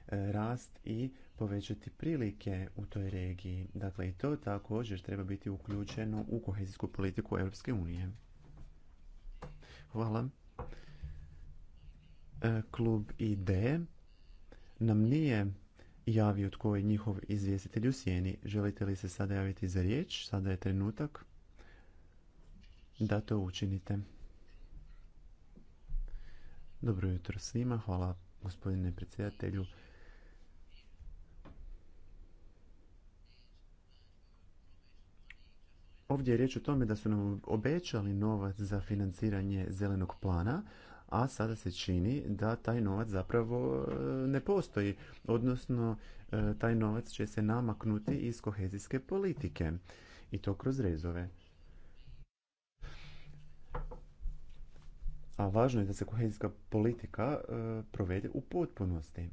e, rast i povećati prilike u toj regiji. Dakle, i to također treba biti uključeno u kohezijsku politiku Europske unije. Hvala. Klub ID nam nije javio tko je njihov izvjestitelj u sjeni. Želite li se sada javiti za riječ? Sada je trenutak da to učinite. Dobro jutro svima. Hvala gospodine predsjedatelju. Ovdje je riječ o tome da su nam obećali novac za financiranje zelenog plana, a sada se čini da taj novac zapravo e, ne postoji, odnosno e, taj novac će se namaknuti iz kohezijske politike i to kroz rezove. A važno je da se kohezijska politika e, provede u potpunosti.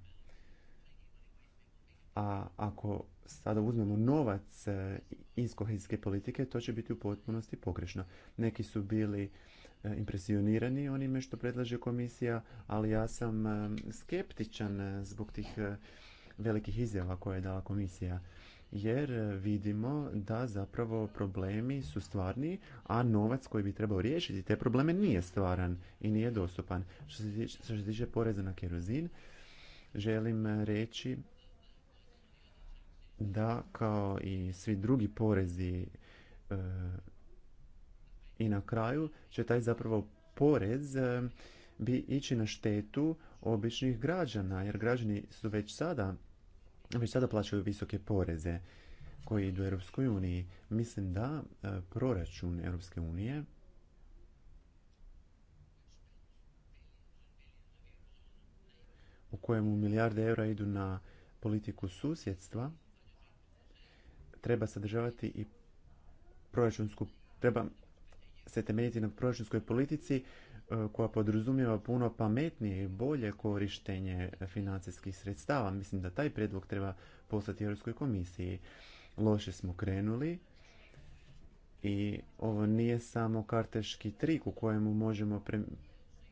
A ako sada uzmemo novac iz kohezijske politike, to će biti u potpunosti pogrešno. Neki su bili E, impresionirani onime što predlaže komisija, ali ja sam e, skeptičan e, zbog tih velikih izjava koje je dala komisija jer vidimo da zapravo problemi su stvarni, a novac koji bi trebao riješiti te probleme nije stvaran i nije dostupan. Što se tiče, poreza na kerozin, želim reći da kao i svi drugi porezi i na kraju će taj zapravo porez e, bi ići na štetu običnih građana, jer građani su već sada, već sada plaćaju visoke poreze koji idu u Europskoj uniji. Mislim da e, proračun Europske unije u kojemu milijarde eura idu na politiku susjedstva, treba sadržavati i proračunsku, treba se temeljiti na proračunskoj politici e, koja podrazumijeva puno pametnije i bolje korištenje financijskih sredstava. Mislim da taj predlog treba poslati Europskoj komisiji. Loše smo krenuli i ovo nije samo karteški trik u kojemu možemo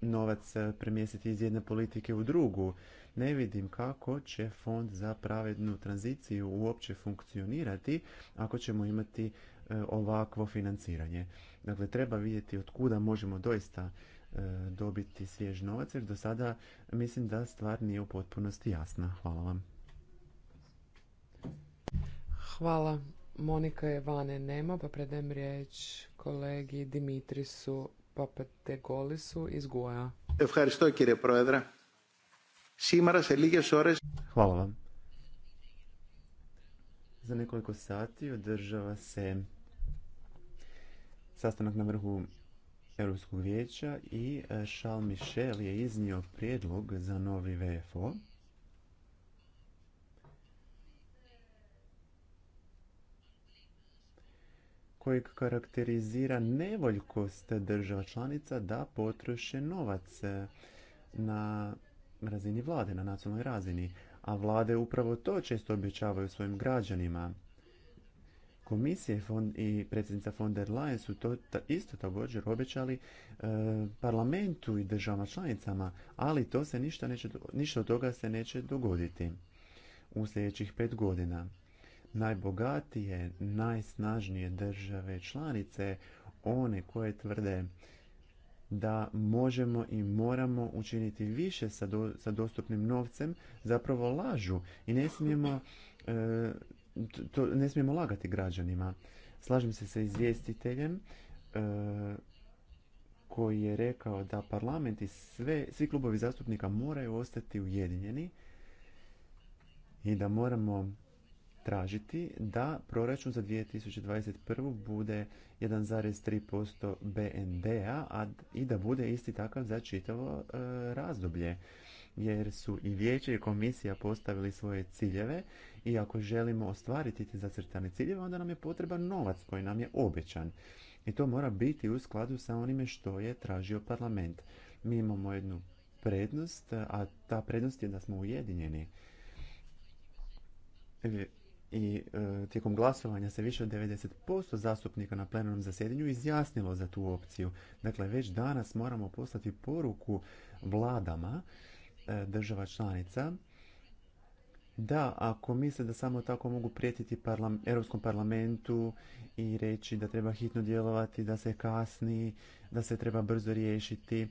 novac e, premjestiti iz jedne politike u drugu. Ne vidim kako će fond za pravednu tranziciju uopće funkcionirati ako ćemo imati E, ovakvo financiranje. Dakle, treba vidjeti od kuda možemo doista e, dobiti svjež novac, jer do sada mislim da stvar nije u potpunosti jasna. Hvala vam. Hvala. Monika vane nema, pa predem riječ kolegi Dimitrisu Papategolisu iz Goja. Hvala vam. Za nekoliko sati održava se sastanak na vrhu Europskog vijeća i e, Charles Michel je iznio prijedlog za novi VFO. koji karakterizira nevoljkost država članica da potroše novac e, na razini vlade, na nacionalnoj razini. A vlade upravo to često obećavaju svojim građanima. Komisije i predsjednica von der Leyen su to isto također obećali e, parlamentu i državama članicama, ali to se ništa, neće, ništa od toga se neće dogoditi u sljedećih pet godina. Najbogatije, najsnažnije države članice, one koje tvrde da možemo i moramo učiniti više sa, sa dostupnim novcem, zapravo lažu i ne smijemo e, to ne smijemo lagati građanima. Slažem se sa izvjestiteljem e, koji je rekao da parlament i sve, svi klubovi zastupnika moraju ostati ujedinjeni i da moramo tražiti da proračun za 2021. bude 1,3% BND-a i da bude isti takav za čitavo e, razdoblje jer su i vijeće i komisija postavili svoje ciljeve i ako želimo ostvariti te zacrtane ciljeve, onda nam je potreban novac koji nam je obećan. I to mora biti u skladu sa onime što je tražio parlament. Mi imamo jednu prednost, a ta prednost je da smo ujedinjeni. E, I e, tijekom glasovanja se više od 90% zastupnika na plenarnom zasjedanju izjasnilo za tu opciju. Dakle, već danas moramo poslati poruku vladama e, država članica da, ako misle da samo tako mogu prijetiti Europskom parlamentu i reći da treba hitno djelovati, da se kasni, da se treba brzo riješiti,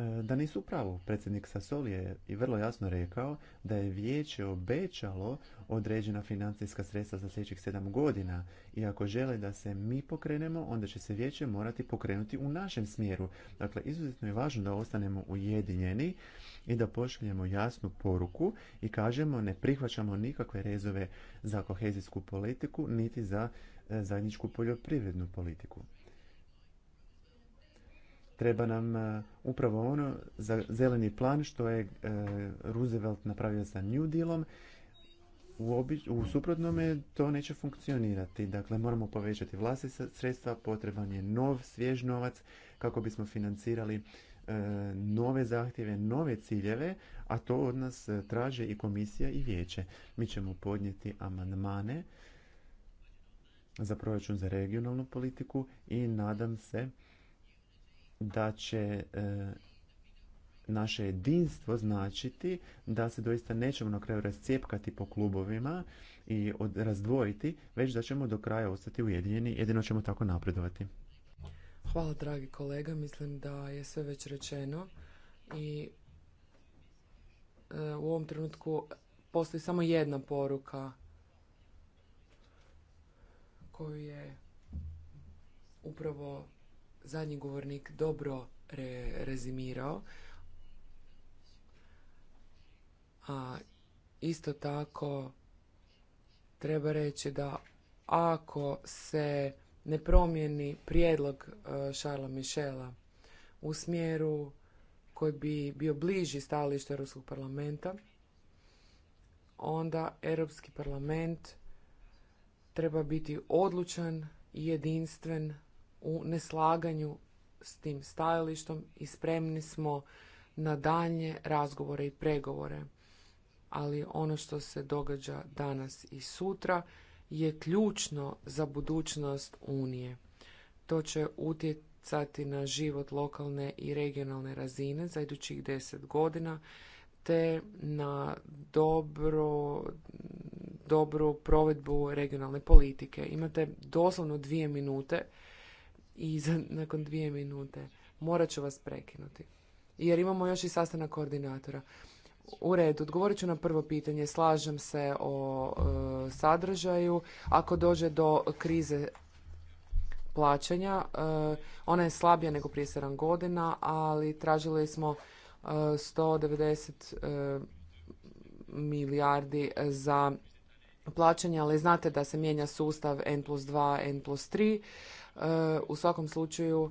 E, da nisu pravo. Predsjednik Sasoli je i vrlo jasno rekao da je vijeće obećalo određena financijska sredstva za sljedećih sedam godina i ako žele da se mi pokrenemo, onda će se vijeće morati pokrenuti u našem smjeru. Dakle, izuzetno je važno da ostanemo ujedinjeni i da pošaljemo jasnu poruku i kažemo ne prihvaćamo nikakve rezove za kohezijsku politiku niti za e, zajedničku poljoprivrednu politiku. Treba nam e, upravo ono za zeleni plan što je e, Roosevelt napravio sa New Dealom. U, u suprotnome to neće funkcionirati. Dakle, moramo povećati vlastita sredstva, potreban je nov, svjež novac kako bismo financirali e, nove zahtjeve, nove ciljeve, a to od nas traže i komisija i vijeće. Mi ćemo podnijeti amandmane za proračun za regionalnu politiku i nadam se da će e, naše jedinstvo značiti da se doista nećemo na kraju rascijepkati po klubovima i od, razdvojiti, već da ćemo do kraja ostati ujedinjeni, jedino ćemo tako napredovati. Hvala dragi kolega, mislim da je sve već rečeno i e, u ovom trenutku postoji samo jedna poruka koju je upravo zadnji govornik dobro rezimirao. A isto tako treba reći da ako se ne promijeni prijedlog e, Šarla Mišela u smjeru koji bi bio bliži stajalištu Europskog parlamenta, onda Europski parlament treba biti odlučan i jedinstven u neslaganju s tim stajalištom i spremni smo na daljnje razgovore i pregovore. Ali ono što se događa danas i sutra je ključno za budućnost Unije. To će utjecati na život lokalne i regionalne razine za idućih deset godina te na dobro, dobru provedbu regionalne politike. Imate doslovno dvije minute i nakon dvije minute. Morat ću vas prekinuti. Jer imamo još i sastanak koordinatora. U redu, odgovorit ću na prvo pitanje. Slažem se o e, sadržaju. Ako dođe do krize plaćanja, e, ona je slabija nego prije 7 godina, ali tražili smo e, 190 e, milijardi za plaćanje. ali znate da se mijenja sustav N plus 2, N plus E, u svakom slučaju e,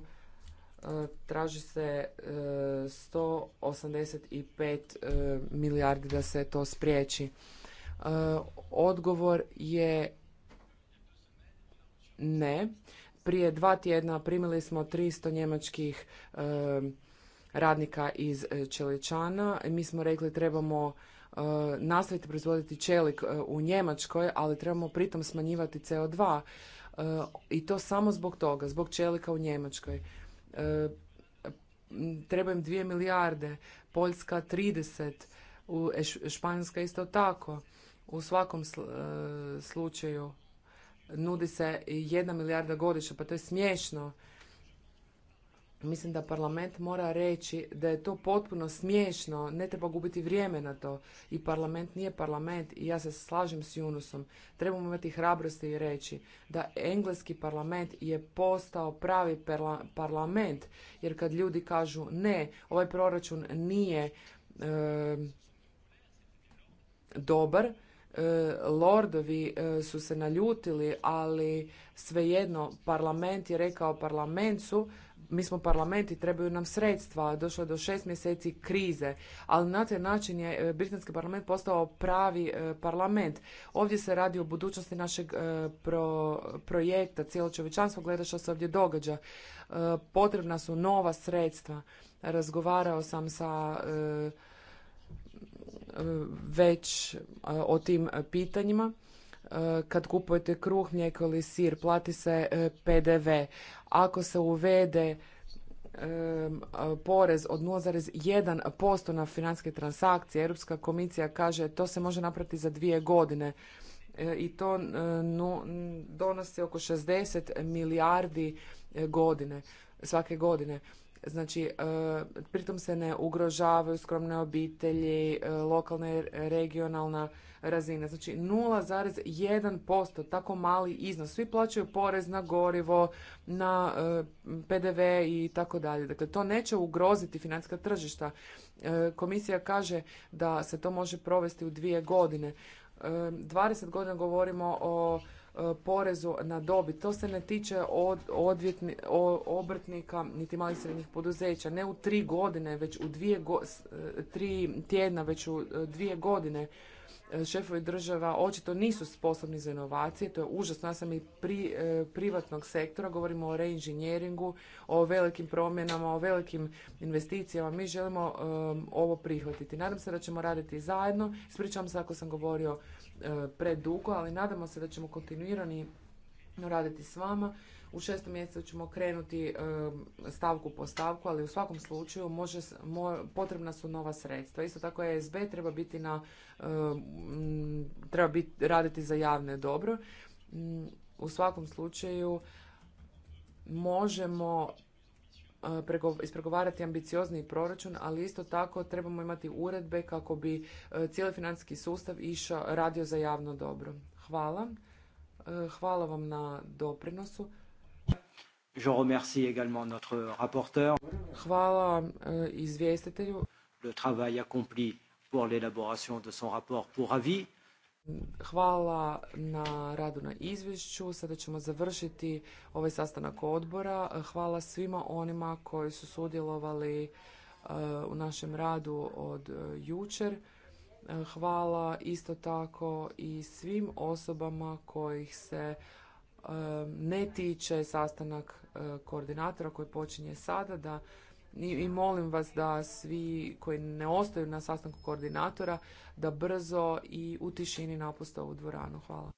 traži se 185 e, milijardi da se to spriječi. Odgovor je ne. Prije dva tjedna primili smo 300 njemačkih radnika iz Čeličana. Mi smo rekli trebamo nastaviti proizvoditi čelik u Njemačkoj, ali trebamo pritom smanjivati CO2 E, i to samo zbog toga, zbog čelika u Njemačkoj. E, Treba im dvije milijarde, Poljska 30, u e, Španjolska isto tako. U svakom slučaju nudi se jedna milijarda godišnje, pa to je smiješno. Mislim da parlament mora reći da je to potpuno smiješno, ne treba gubiti vrijeme na to. I parlament nije parlament i ja se slažem s Junusom. Trebamo imati hrabrosti i reći da engleski parlament je postao pravi parlament. Jer kad ljudi kažu ne, ovaj proračun nije dobar, e, lordovi e, su se naljutili, ali svejedno parlament je rekao parlamentu mi smo parlament i trebaju nam sredstva, došlo je do šest mjeseci krize, ali na taj način je e, britanski parlament postao pravi e, parlament. Ovdje se radi o budućnosti našeg e, projekta, cijelo čovječanstvo gleda što se ovdje događa. Potrebna su nova sredstva. Razgovarao sam sa već o tim pitanjima Eh, kad kupujete kruh, mlijeko ili sir, plati se eh, PDV. Ako se uvede porez od 0,1% na financijske transakcije, Europska komisija kaže to se može napraviti za dvije godine eh, i to donosi oko 60 milijardi godine, svake godine. Znači, pritom se ne ugrožavaju skromne obitelji, lokalna i regionalna razine. Znači 0,1%, tako mali iznos. Svi plaćaju porez na gorivo, na e, PDV i tako dalje. Dakle, to neće ugroziti financijska tržišta. E, komisija kaže da se to može provesti u dvije godine. 20 e, godina govorimo o porezu na dobit. To se ne tiče od, odvjetni, obrtnika niti malih srednjih poduzeća. Ne u tri godine, već u dvije go, tri tjedna, već u dvije godine. E, šefovi država očito nisu sposobni za inovacije, to je užasno, ja sam i pri, e, privatnog sektora, govorimo o reinženjeringu, o velikim promjenama, o velikim investicijama, mi želimo e, ovo prihvatiti. Nadam se da ćemo raditi zajedno, ispričavam se ako sam govorio predugo, ali nadamo se da ćemo kontinuirani raditi s vama u šestom mjesecu ćemo krenuti stavku po stavku, ali u svakom slučaju može, potrebna su nova sredstva. Isto tako ESB treba biti na, treba biti, raditi za javne dobro. Mm, u svakom slučaju možemo e, ispregovarati ambiciozniji proračun, ali isto tako trebamo imati uredbe kako bi e, cijeli financijski sustav išao radio za javno dobro. Hvala. E, hvala vam na doprinosu. Je remercie également notre rapporteur. Hvala eh, izvjestitelju. Le travail accompli pour l'élaboration de son rapport pour avis. Hvala na radu na izvješću. Sada ćemo završiti ovaj sastanak odbora. Hvala svima onima koji su sudjelovali eh, u našem radu od eh, jučer. Hvala isto tako i svim osobama kojih se ne tiče sastanak e, koordinatora koji počinje sada da i molim vas da svi koji ne ostaju na sastanku koordinatora da brzo i u tišini napuste ovu dvoranu. Hvala.